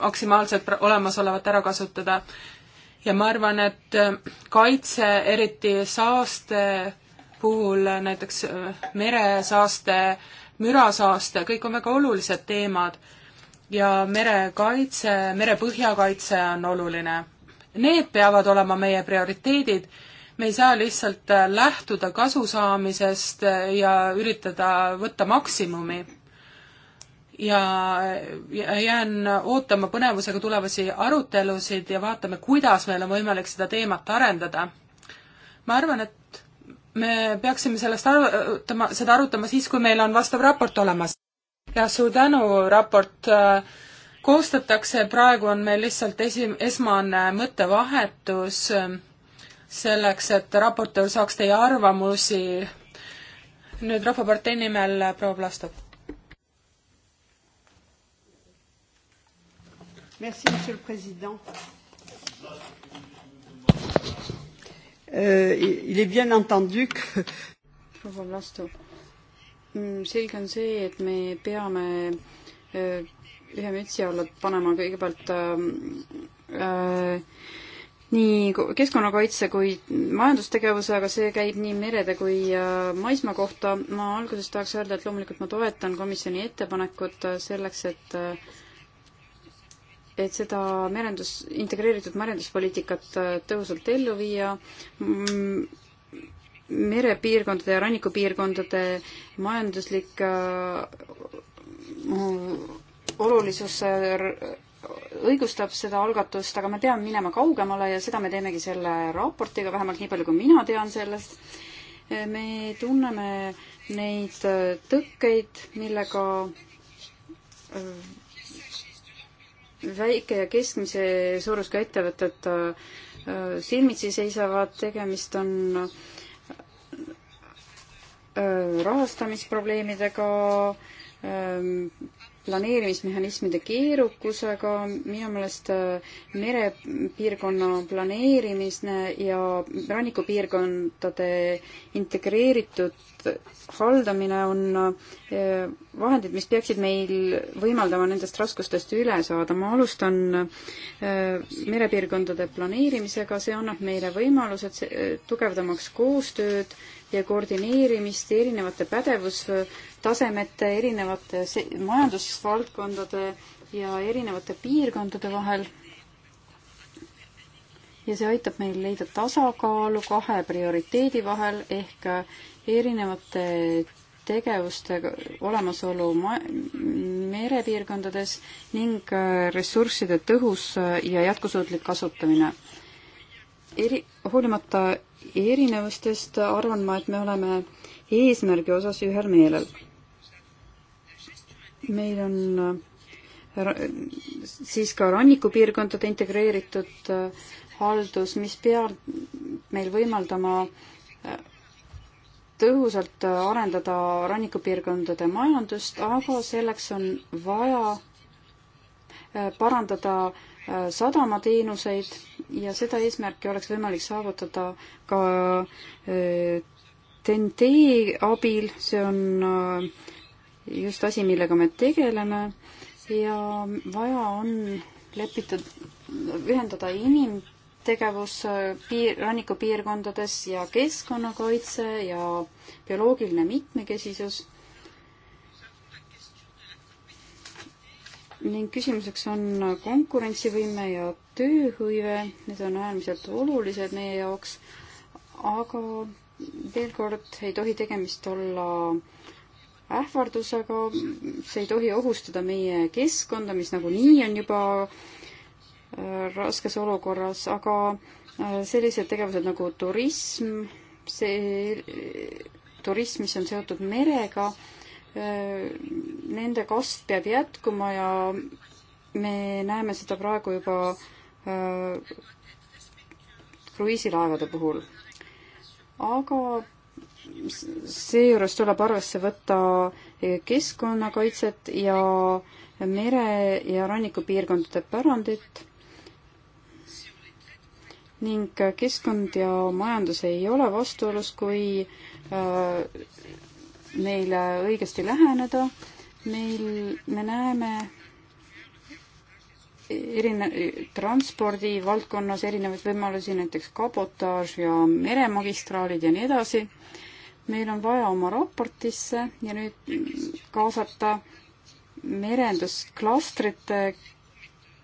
Speaker 2: maksimaalselt olemasolevat ära kasutada. ja ma arvan, et kaitse, eriti saaste puhul, näiteks meresaaste, mürasaaste, kõik on väga olulised teemad ja merekaitse, merepõhjakaitse on oluline. Need peavad olema meie prioriteedid, me ei saa lihtsalt äh, lähtuda kasu saamisest äh, ja üritada võtta maksimumi. ja jään ootama põnevusega tulevasi arutelusid ja vaatame, kuidas meil on võimalik seda teemat arendada. ma arvan, et me peaksime sellest arutama, seda arutama siis, kui meil on vastav raport olemas ja suur tänu, raport äh, koostatakse, praegu on meil lihtsalt esi, esmane mõttevahetus äh, selleks, et raportöör saaks teie arvamusi. nüüd Rahvapartei nimel äh, proua Plastok.
Speaker 3: Merci, monsieur le président. Euh, il est bien entendu que. proua Plastok Mm, selge on see, et me peame äh, ühe mütsi alla panema kõigepealt äh, äh nii keskkonnakaitse kui majandustegevuse, aga see käib nii merede kui äh, maismaa kohta. ma alguses tahaks öelda, et loomulikult ma toetan komisjoni ettepanekut selleks, et et seda merendus, integreeritud merenduspoliitikat tõhusalt ellu viia. Mm, merepiirkondade ja rannikupiirkondade majanduslik äh, olulisus äh, õigustab seda algatust, aga me peame minema kaugemale ja seda me teemegi selle raportiga, vähemalt nii palju, kui mina tean sellest. me tunneme neid äh, tõkkeid, millega väike ja keskmise suurusega ettevõtted silmitsi seisavad, tegemist on äh, rahastamisprobleemidega, planeerimismehhanismide keerukusega, minu meelest merepiirkonna planeerimine ja rannikupiirkondade integreeritud haldamine on vahendid, mis peaksid meil võimaldama nendest raskustest üle saada. ma alustan merepiirkondade planeerimisega, see annab meile võimalused tugevdamaks koostööd ja koordineerimist erinevate pädevustasemete, erinevate majandusvaldkondade ja erinevate piirkondade vahel. ja see aitab meil leida tasakaalu kahe prioriteedi vahel ehk erinevate tegevuste olemasolu merepiirkondades ning ressursside tõhus ja jätkusuutlik kasutamine. eri, hoolimata erinevustest arvan ma, et me oleme eesmärgi osas ühel meelel. meil on äh, siis ka rannikupiirkondade integreeritud äh, haldus, mis peab meil võimaldama äh, tõhusalt arendada rannikupiirkondade majandust, aga selleks on vaja parandada äh, Äh, sadamateenuseid ja seda eesmärki oleks võimalik saavutada ka TNT äh, abil, see on äh, just asi, millega me tegeleme ja vaja on lepitud, ühendada inimtegevus piir, rannikupiirkondades ja keskkonnakaitse ja bioloogiline mitmekesisus ning küsimuseks on konkurentsivõime ja tööhõive, need on äärmiselt olulised meie jaoks, aga veel kord, ei tohi tegemist olla ähvardusega, see ei tohi ohustada meie keskkonda, mis nagunii on juba äh, raskes olukorras, aga äh, sellised tegevused nagu turism, see turism, mis on seotud merega, Äh, nende kasv peab jätkuma ja me näeme seda praegu juba äh, kruiisilaevade puhul. aga seejuures tuleb arvesse võtta keskkonnakaitset ja mere- ja rannikupiirkondade pärandit ning keskkond ja majandus ei ole vastuolus, kui äh, neile õigesti läheneda. meil, me näeme erine-, transpordi valdkonnas erinevaid võimalusi, näiteks kabotaaž ja meremagistraalid ja nii edasi. meil on vaja oma raportisse ja nüüd kaasata merendusklastrite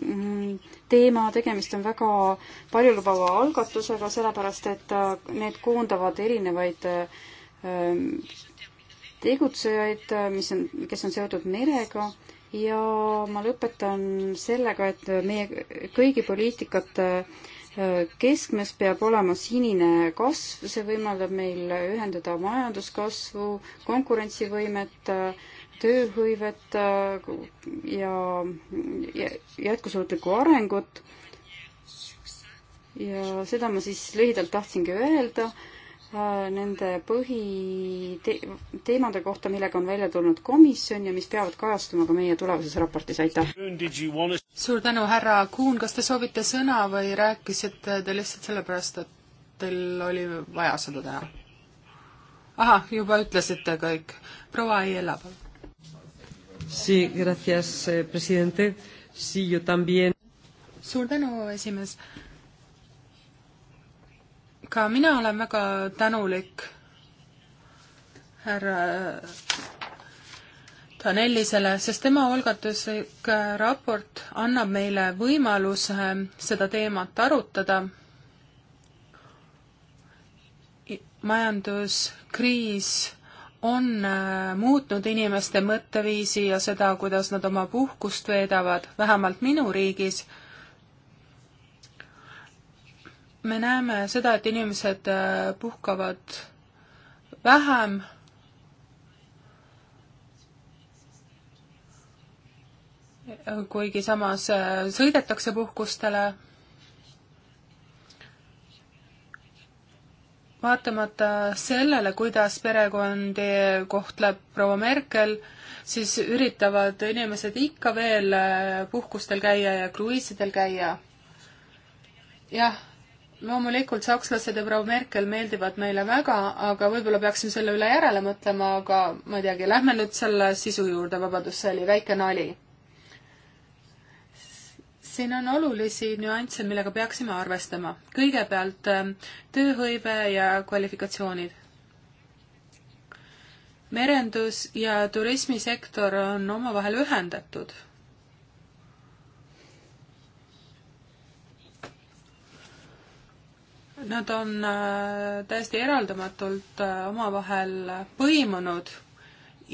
Speaker 3: mm, teema, tegemist on väga paljulubava algatusega, sellepärast et äh, need koondavad erinevaid äh, tegutsejaid, mis on, kes on seotud merega ja ma lõpetan sellega, et meie kõigi poliitikate äh, keskmes peab olema sinine kasv, see võimaldab meil ühendada majanduskasvu, konkurentsivõimet, äh, tööhõivet äh, ja, ja jätkusuutlikku arengut. ja seda ma siis lühidalt tahtsingi öelda Äh, nende põhiteemade kohta, millega on välja tulnud komisjon ja mis peavad kajastuma ka meie tulevases raportis, aitäh!
Speaker 2: suur tänu, härra Kuhn, kas te soovite sõna või rääkisite te lihtsalt sellepärast, et teil oli vaja seda teha? ahah, juba ütlesite kõik. proua Aiela, palun. Sí,
Speaker 3: gracias, eh, presidente. Sí, yo también.
Speaker 2: suur tänu, esimees ka mina olen väga tänulik härra Tanellisele, sest tema algatuslik raport annab meile võimaluse seda teemat arutada. majanduskriis on äh, muutnud inimeste mõtteviisi ja seda, kuidas nad oma puhkust veedavad, vähemalt minu riigis me näeme seda, et inimesed äh, puhkavad vähem kuigi samas äh, sõidetakse puhkustele. vaatamata sellele, kuidas perekondi kohtleb proua Merkel, siis üritavad inimesed ikka veel äh, puhkustel käia ja kruiisidel käia. jah, loomulikult sakslased ja proua Merkel meeldivad meile väga, aga võib-olla peaksime selle üle järele mõtlema, aga ma ei teagi, lähme nüüd selle sisu juurde, vabandust, see oli väike nali. siin on olulisi nüansse, millega peaksime arvestama. kõigepealt ähm, tööhõive ja kvalifikatsioonid. merendus- ja turismisektor on omavahel ühendatud Nad on äh, täiesti eraldamatult äh, omavahel põimunud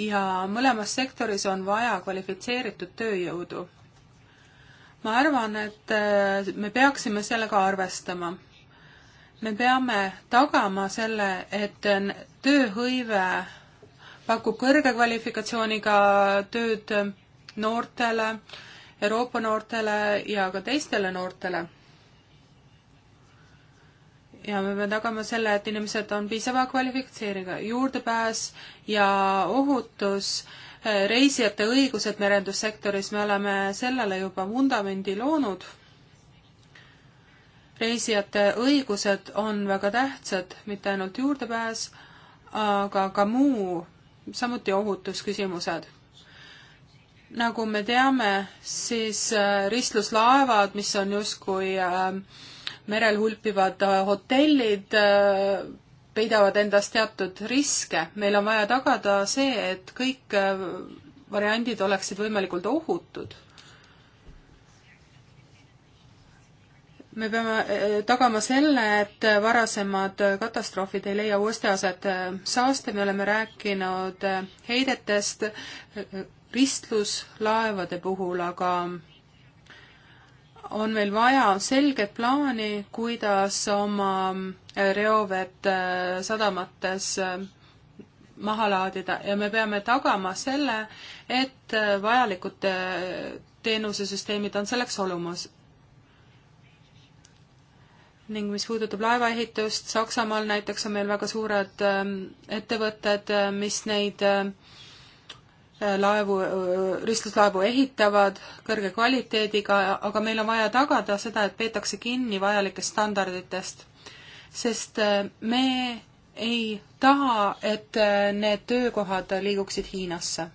Speaker 2: ja mõlemas sektoris on vaja kvalifitseeritud tööjõudu. ma arvan, et äh, me peaksime sellega arvestama. me peame tagama selle, et tööhõive pakub kõrge kvalifikatsiooniga tööd noortele, Euroopa noortele ja ka teistele noortele ja me peame tagama selle, et inimesed on piisava kvalifitseeriga, juurdepääs ja ohutus, eh, reisijate õigused merendussektoris, me oleme sellele juba vundamendi loonud. reisijate õigused on väga tähtsad, mitte ainult juurdepääs, aga ka muu, samuti ohutusküsimused nagu me teame, siis eh, ristluslaevad, mis on justkui eh, merel hulpivad äh, hotellid äh, peidavad endas teatud riske. meil on vaja tagada see, et kõik äh, variandid oleksid võimalikult ohutud. me peame tagama selle, et varasemad katastroofid ei leia uuesti aset. saaste, me oleme rääkinud heidetest ristluslaevade puhul, aga on meil vaja selget plaani, kuidas oma äh, reovett äh, sadamates äh, maha laadida ja me peame tagama selle, et vajalikud teenusesüsteemid on selleks olemas, ning mis puudutab laevaehitust, Saksamaal näiteks on meil väga suured ähm, ettevõtted, mis neid laevu, ristluslaevu ehitavad kõrge kvaliteediga, aga meil on vaja tagada seda, et peetakse kinni vajalikest standarditest. sest äh, me ei taha, et äh, need töökohad liiguksid Hiinasse.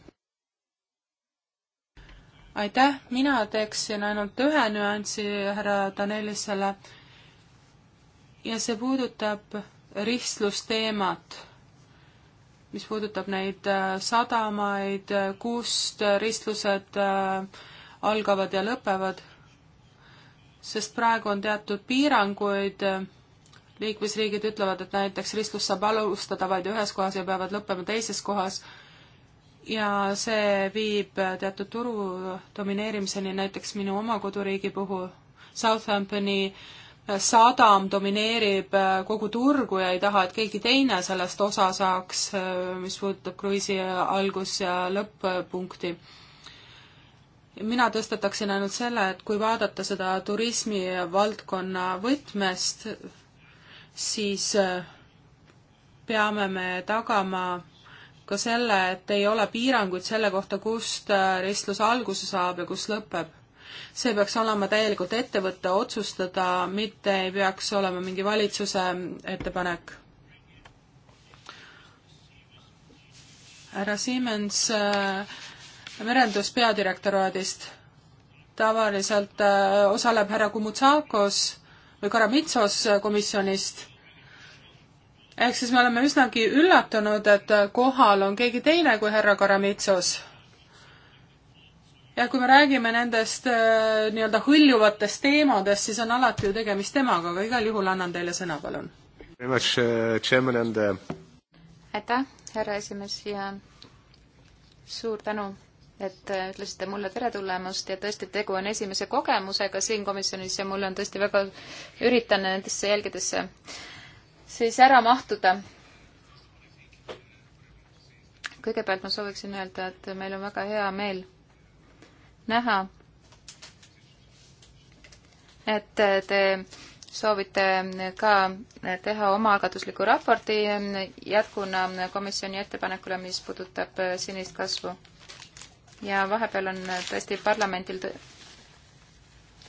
Speaker 2: aitäh, mina teeksin ainult ühe nüansi härra Danelisele ja see puudutab ristlusteemat mis puudutab neid äh, sadamaid, äh, kust ristlused äh, algavad ja lõpevad, sest praegu on teatud piiranguid, liikmesriigid ütlevad, et näiteks ristlus saab alustada vaid ühes kohas ja peavad lõppema teises kohas ja see viib teatud turu domineerimiseni, näiteks minu oma koduriigi puhul Southamptoni sadam domineerib äh, kogu turgu ja ei taha, et keegi teine sellest osa saaks, äh, mis puudutab kruiisi algus- ja lõpp-punkti. mina tõstataksin ainult selle, et kui vaadata seda turismivaldkonna võtmest, siis äh, peame me tagama ka selle, et ei ole piiranguid selle kohta, kust ristlus alguse saab ja kus lõpeb see peaks olema täielikult ettevõtte otsustada, mitte ei peaks olema mingi valitsuse ettepanek. härra Siemens äh, merendus peadirektoraadist. tavaliselt äh, osaleb härra Kumutsakos või Karamitsos äh, komisjonist ehk siis me oleme üsnagi üllatunud, et kohal on keegi teine kui härra Karamitsos ja kui me räägime nendest äh, nii-öelda hõljuvatest teemadest, siis on alati ju tegemist temaga, aga igal juhul annan teile sõna, palun.
Speaker 1: Äh, äh,
Speaker 2: aitäh, härra esimees ja suur tänu et ütlesite
Speaker 1: mulle tere tulemast ja tõesti, tegu on esimese kogemusega siin komisjonis ja mul on tõesti väga, üritan nendesse jälgedesse siis ära mahtuda. kõigepealt ma sooviksin öelda, et meil on väga hea meel näha, et te soovite ka teha omaalgatusliku raporti jätkuna komisjoni ettepanekule, mis puudutab sinist kasvu. ja vahepeal on tõesti parlamendil tõ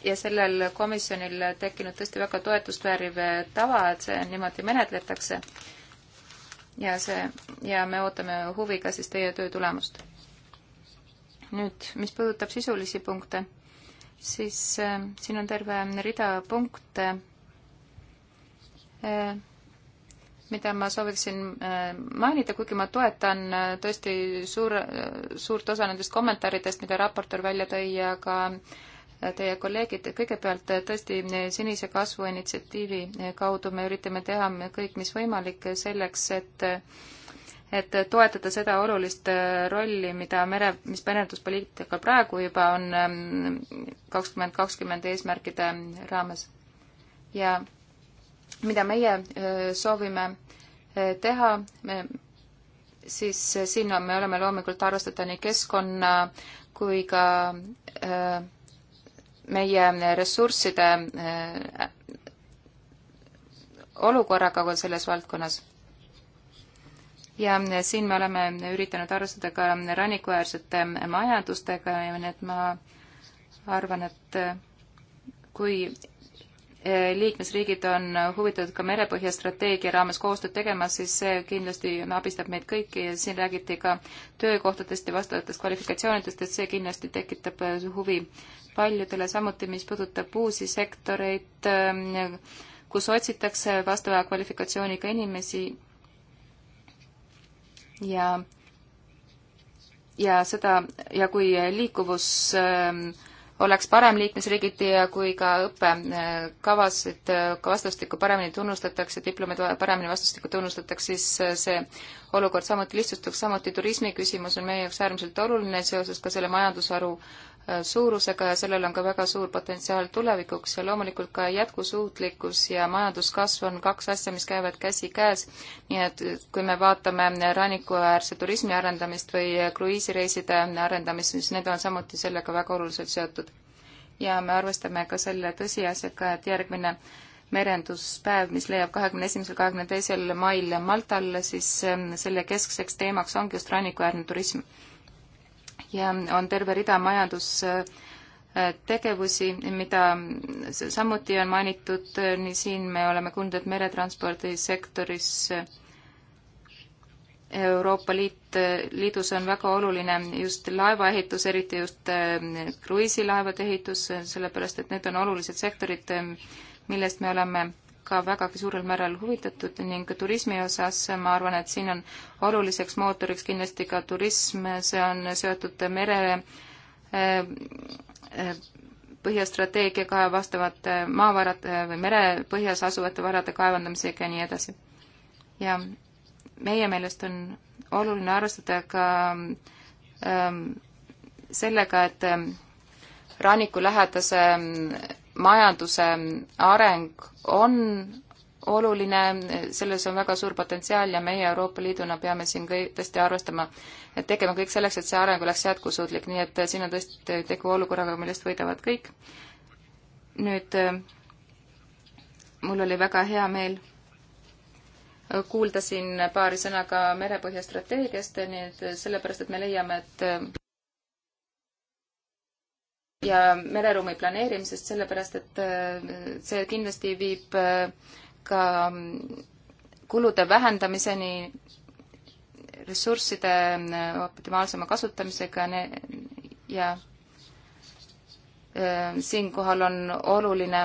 Speaker 1: ja sellel komisjonil tekkinud tõesti väga toetust vääriv tava, et see niimoodi menetletakse. ja see, ja me ootame huviga siis teie töö tulemust nüüd, mis puudutab sisulisi punkte, siis äh, siin on terve rida punkte äh,, mida ma sooviksin äh, mainida, kuigi ma toetan äh, tõesti suur äh,, suurt osa nendest kommentaaridest, mida raportöör välja tõi ja ka äh, teie kolleegid, kõigepealt äh, tõesti Sinise kasvu initsiatiivi kaudu me üritame teha kõik, mis võimalik selleks, et äh, et toetada seda olulist äh, rolli, mida mere, mis merenduspoliitika praegu juba on ähm, kakskümmend kakskümmend eesmärkide raames. ja mida meie äh, soovime äh, teha, siis siin on, me oleme loomulikult arvestada nii keskkonna kui ka meie ressursside olukorraga selles valdkonnas ja siin me oleme üritanud arvestada ka rannikuäärsete majandustega ja nii et ma arvan, et kui e, liikmesriigid on huvitatud ka merepõhja strateegia raames koostööd tegema, siis see kindlasti abistab meid kõiki ja siin räägiti ka töökohtadest ja vastavatest kvalifikatsioonidest, et see kindlasti tekitab huvi paljudele, samuti mis puudutab uusi sektoreid, e, kus otsitakse vastava kvalifikatsiooniga inimesi ja, ja seda ja kui liikuvus ähm, oleks parem liikmesriigiti ja kui ka õppekavasid äh, ka vastastikku paremini tunnustatakse, diplomeid paremini vastastikku tunnustatakse, siis äh, see olukord samuti lihtsustuks, samuti turismi küsimus on meie jaoks äärmiselt oluline seoses ka selle majandusharu suurusega ja sellel on ka väga suur potentsiaal tulevikuks ja loomulikult ka jätkusuutlikkus ja majanduskasv on kaks asja, mis käivad käsikäes. nii et kui me vaatame rannikuäärse turismi arendamist või kruiisireiside arendamist, siis need on samuti sellega väga oluliselt seotud. ja me arvestame ka selle tõsiasjaga, et järgmine merenduspäev, mis leiab kahekümne esimesel, kahekümne teisel mail Maltal, siis selle keskseks teemaks ongi just rannikuäärne turism ja on terve rida majandustegevusi, mida samuti on mainitud, nii siin me oleme kuulnud, et meretranspordisektoris Euroopa Liit, Liidus on väga oluline just laevaehitus, eriti just eh, kruiisilaevade ehitus, sellepärast et need on olulised sektorid, eh, millest me oleme ka vägagi suurel määral huvitatud ning turismi osas ma arvan, et siin on oluliseks mootoriks kindlasti ka turism, see on seotud mere eh, eh, põhjastrateegiaga, vastavate maavarade või merepõhjas asuvate varade kaevandamisega ja nii edasi. ja meie meelest on oluline arvestada ka ähm, sellega, et ähm, ranniku lähedase majanduse areng on oluline, selles on väga suur potentsiaal ja meie Euroopa Liiduna peame siin kõik tõesti arvestama, et tegema kõik selleks, et see areng oleks jätkusuutlik, nii et siin on tõesti tegu olukorraga, millest võidavad kõik. nüüd mul oli väga hea meel kuulda siin paari sõna ka merepõhja strateegiast, nii et sellepärast, et me leiame, et ja mereruumi planeerimisest, sellepärast et äh, see kindlasti viib äh, ka mm, kulude vähendamiseni, ressursside äh, optimaalsema kasutamisega ja siinkohal on oluline,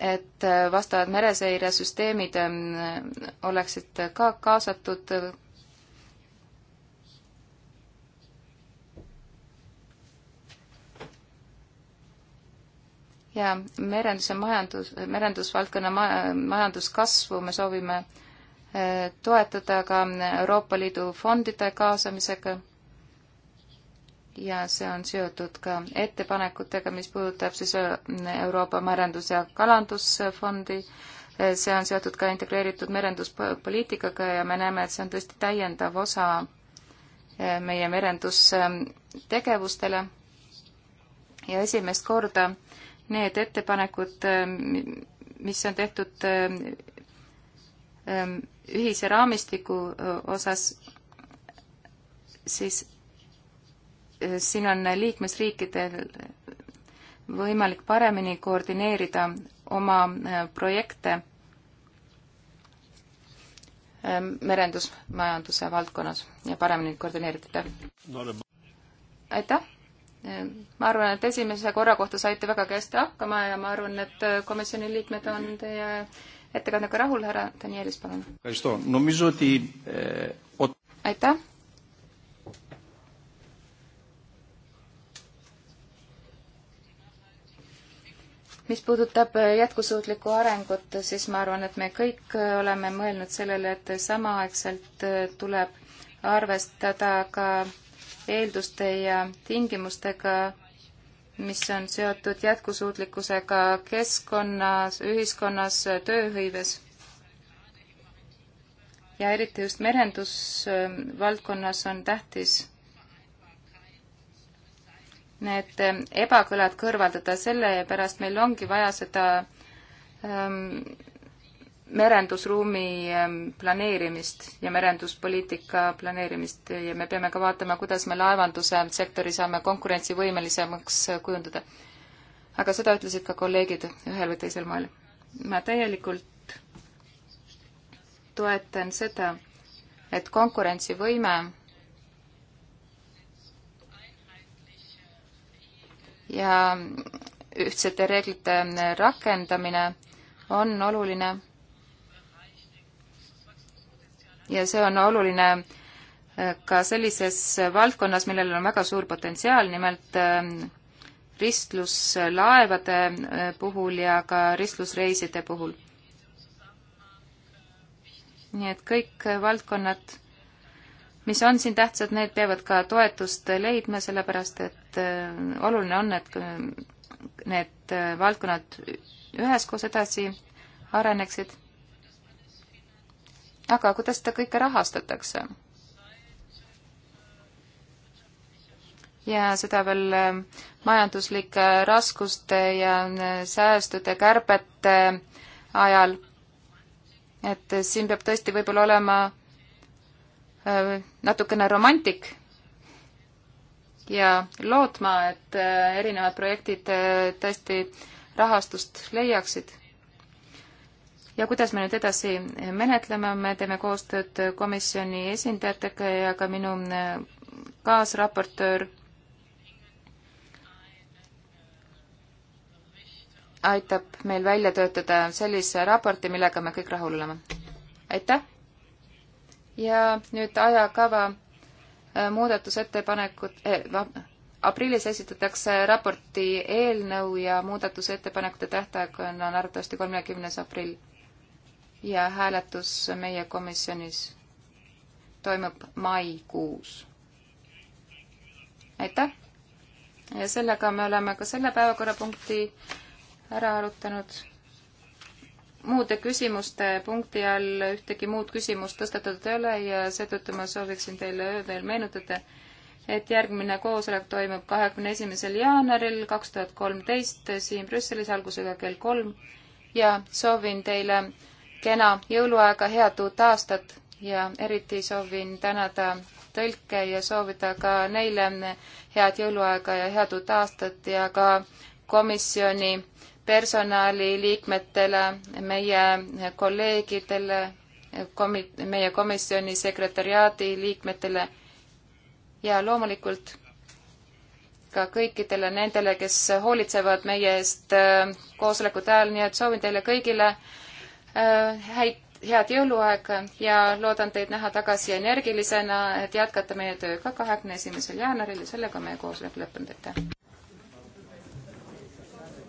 Speaker 1: et vastavad mereseiresüsteemid oleksid ka kaasatud ja merenduse majandus, merendusvaldkonna maja, majanduskasvu me soovime äh, toetada ka Euroopa Liidu fondide kaasamisega ja see on seotud ka ettepanekutega, mis puudutab siis äh, Euroopa Merendus- ja Kalandusfondi, äh, see on seotud ka integreeritud merenduspoliitikaga ja me näeme, et see on tõesti täiendav osa meie merendustegevustele ja esimest korda need ettepanekud, ähm, mis on tehtud ähm, ähm, ühise raamistiku osas, siis siin on liikmesriikidel võimalik paremini koordineerida oma projekte merendusmajanduse valdkonnas ja paremini koordineerida. aitäh! ma arvan, et esimese korra kohta saite väga hästi hakkama ja ma arvan, et komisjoni liikmed on teie ettekandega rahul, härra Danielis, palun. Eh, aitäh. mis puudutab jätkusuutlikku arengut, siis ma arvan, et me kõik oleme mõelnud sellele, et samaaegselt tuleb arvestada ka eelduste ja tingimustega, mis on seotud jätkusuutlikkusega keskkonnas, ühiskonnas, tööhõives. ja eriti just merendusvaldkonnas on tähtis need ebakõlad kõrvaldada, sellepärast meil ongi vaja seda ähm, merendusruumi ehm, planeerimist ja merenduspoliitika planeerimist ja me peame ka vaatama, kuidas me laevanduse sektori saame konkurentsivõimelisemaks eh, kujundada. aga seda ütlesid ka kolleegid ühel või teisel moel. ma täielikult toetan seda, et konkurentsivõime ja ühtsete reeglite rakendamine on oluline ja see on oluline äh, ka sellises valdkonnas, millel on väga suur potentsiaal, nimelt ähm, ristluslaevade äh, puhul ja ka ristlusreiside puhul. nii et kõik valdkonnad, mis on siin tähtsad, need peavad ka toetust leidma, sellepärast et äh, oluline on, et need valdkonnad üheskoos edasi areneksid aga kuidas seda kõike rahastatakse? ja seda veel ähm, majanduslike raskuste ja äh, säästude kärbete ajal. et äh, siin peab tõesti võib-olla olema äh, natukene romantik ja lootma, et erinevad projektid tõesti rahastust leiaksid ja kuidas me nüüd edasi menetleme, me teeme koostööd komisjoni esindajatega ja ka minu äh, kaasraportöör aitab meil välja töötada sellise raporti, millega me kõik rahul oleme. aitäh! ja nüüd ajakava äh, muudatusettepanekud eh,, aprillis esitatakse raporti eelnõu ja muudatusettepanekute tähtaeg on, on arvatavasti kolmekümnes aprill ja hääletus meie komisjonis toimub maikuus. aitäh! ja sellega me oleme ka selle päevakorrapunkti ära arutanud. muude küsimuste punkti all ühtegi muud küsimust tõstatatud ei ole ja seetõttu ma sooviksin teile öelda ja meenutada, et järgmine koosolek toimub kahekümne esimesel jaanuaril kaks tuhat kolmteist siin Brüsselis algusega kell kolm ja soovin teile kena jõuluaega, head uut aastat ja eriti soovin tänada tõlke ja soovida ka neile head jõuluaega ja head uut aastat ja ka komisjoni personaliliikmetele, meie kolleegidele, komi-, meie komisjoni sekretariaadi liikmetele ja loomulikult ka kõikidele nendele, kes hoolitsevad meie eest äh, koosolekute ajal, nii et soovin teile kõigile äh, Äh, häid, head jõuluaega ja loodan teid näha tagasi energilisena, et jätkata meie tööga kahekümne esimesel jaanuaril ja sellega meie koosolek lõppenud, aitäh!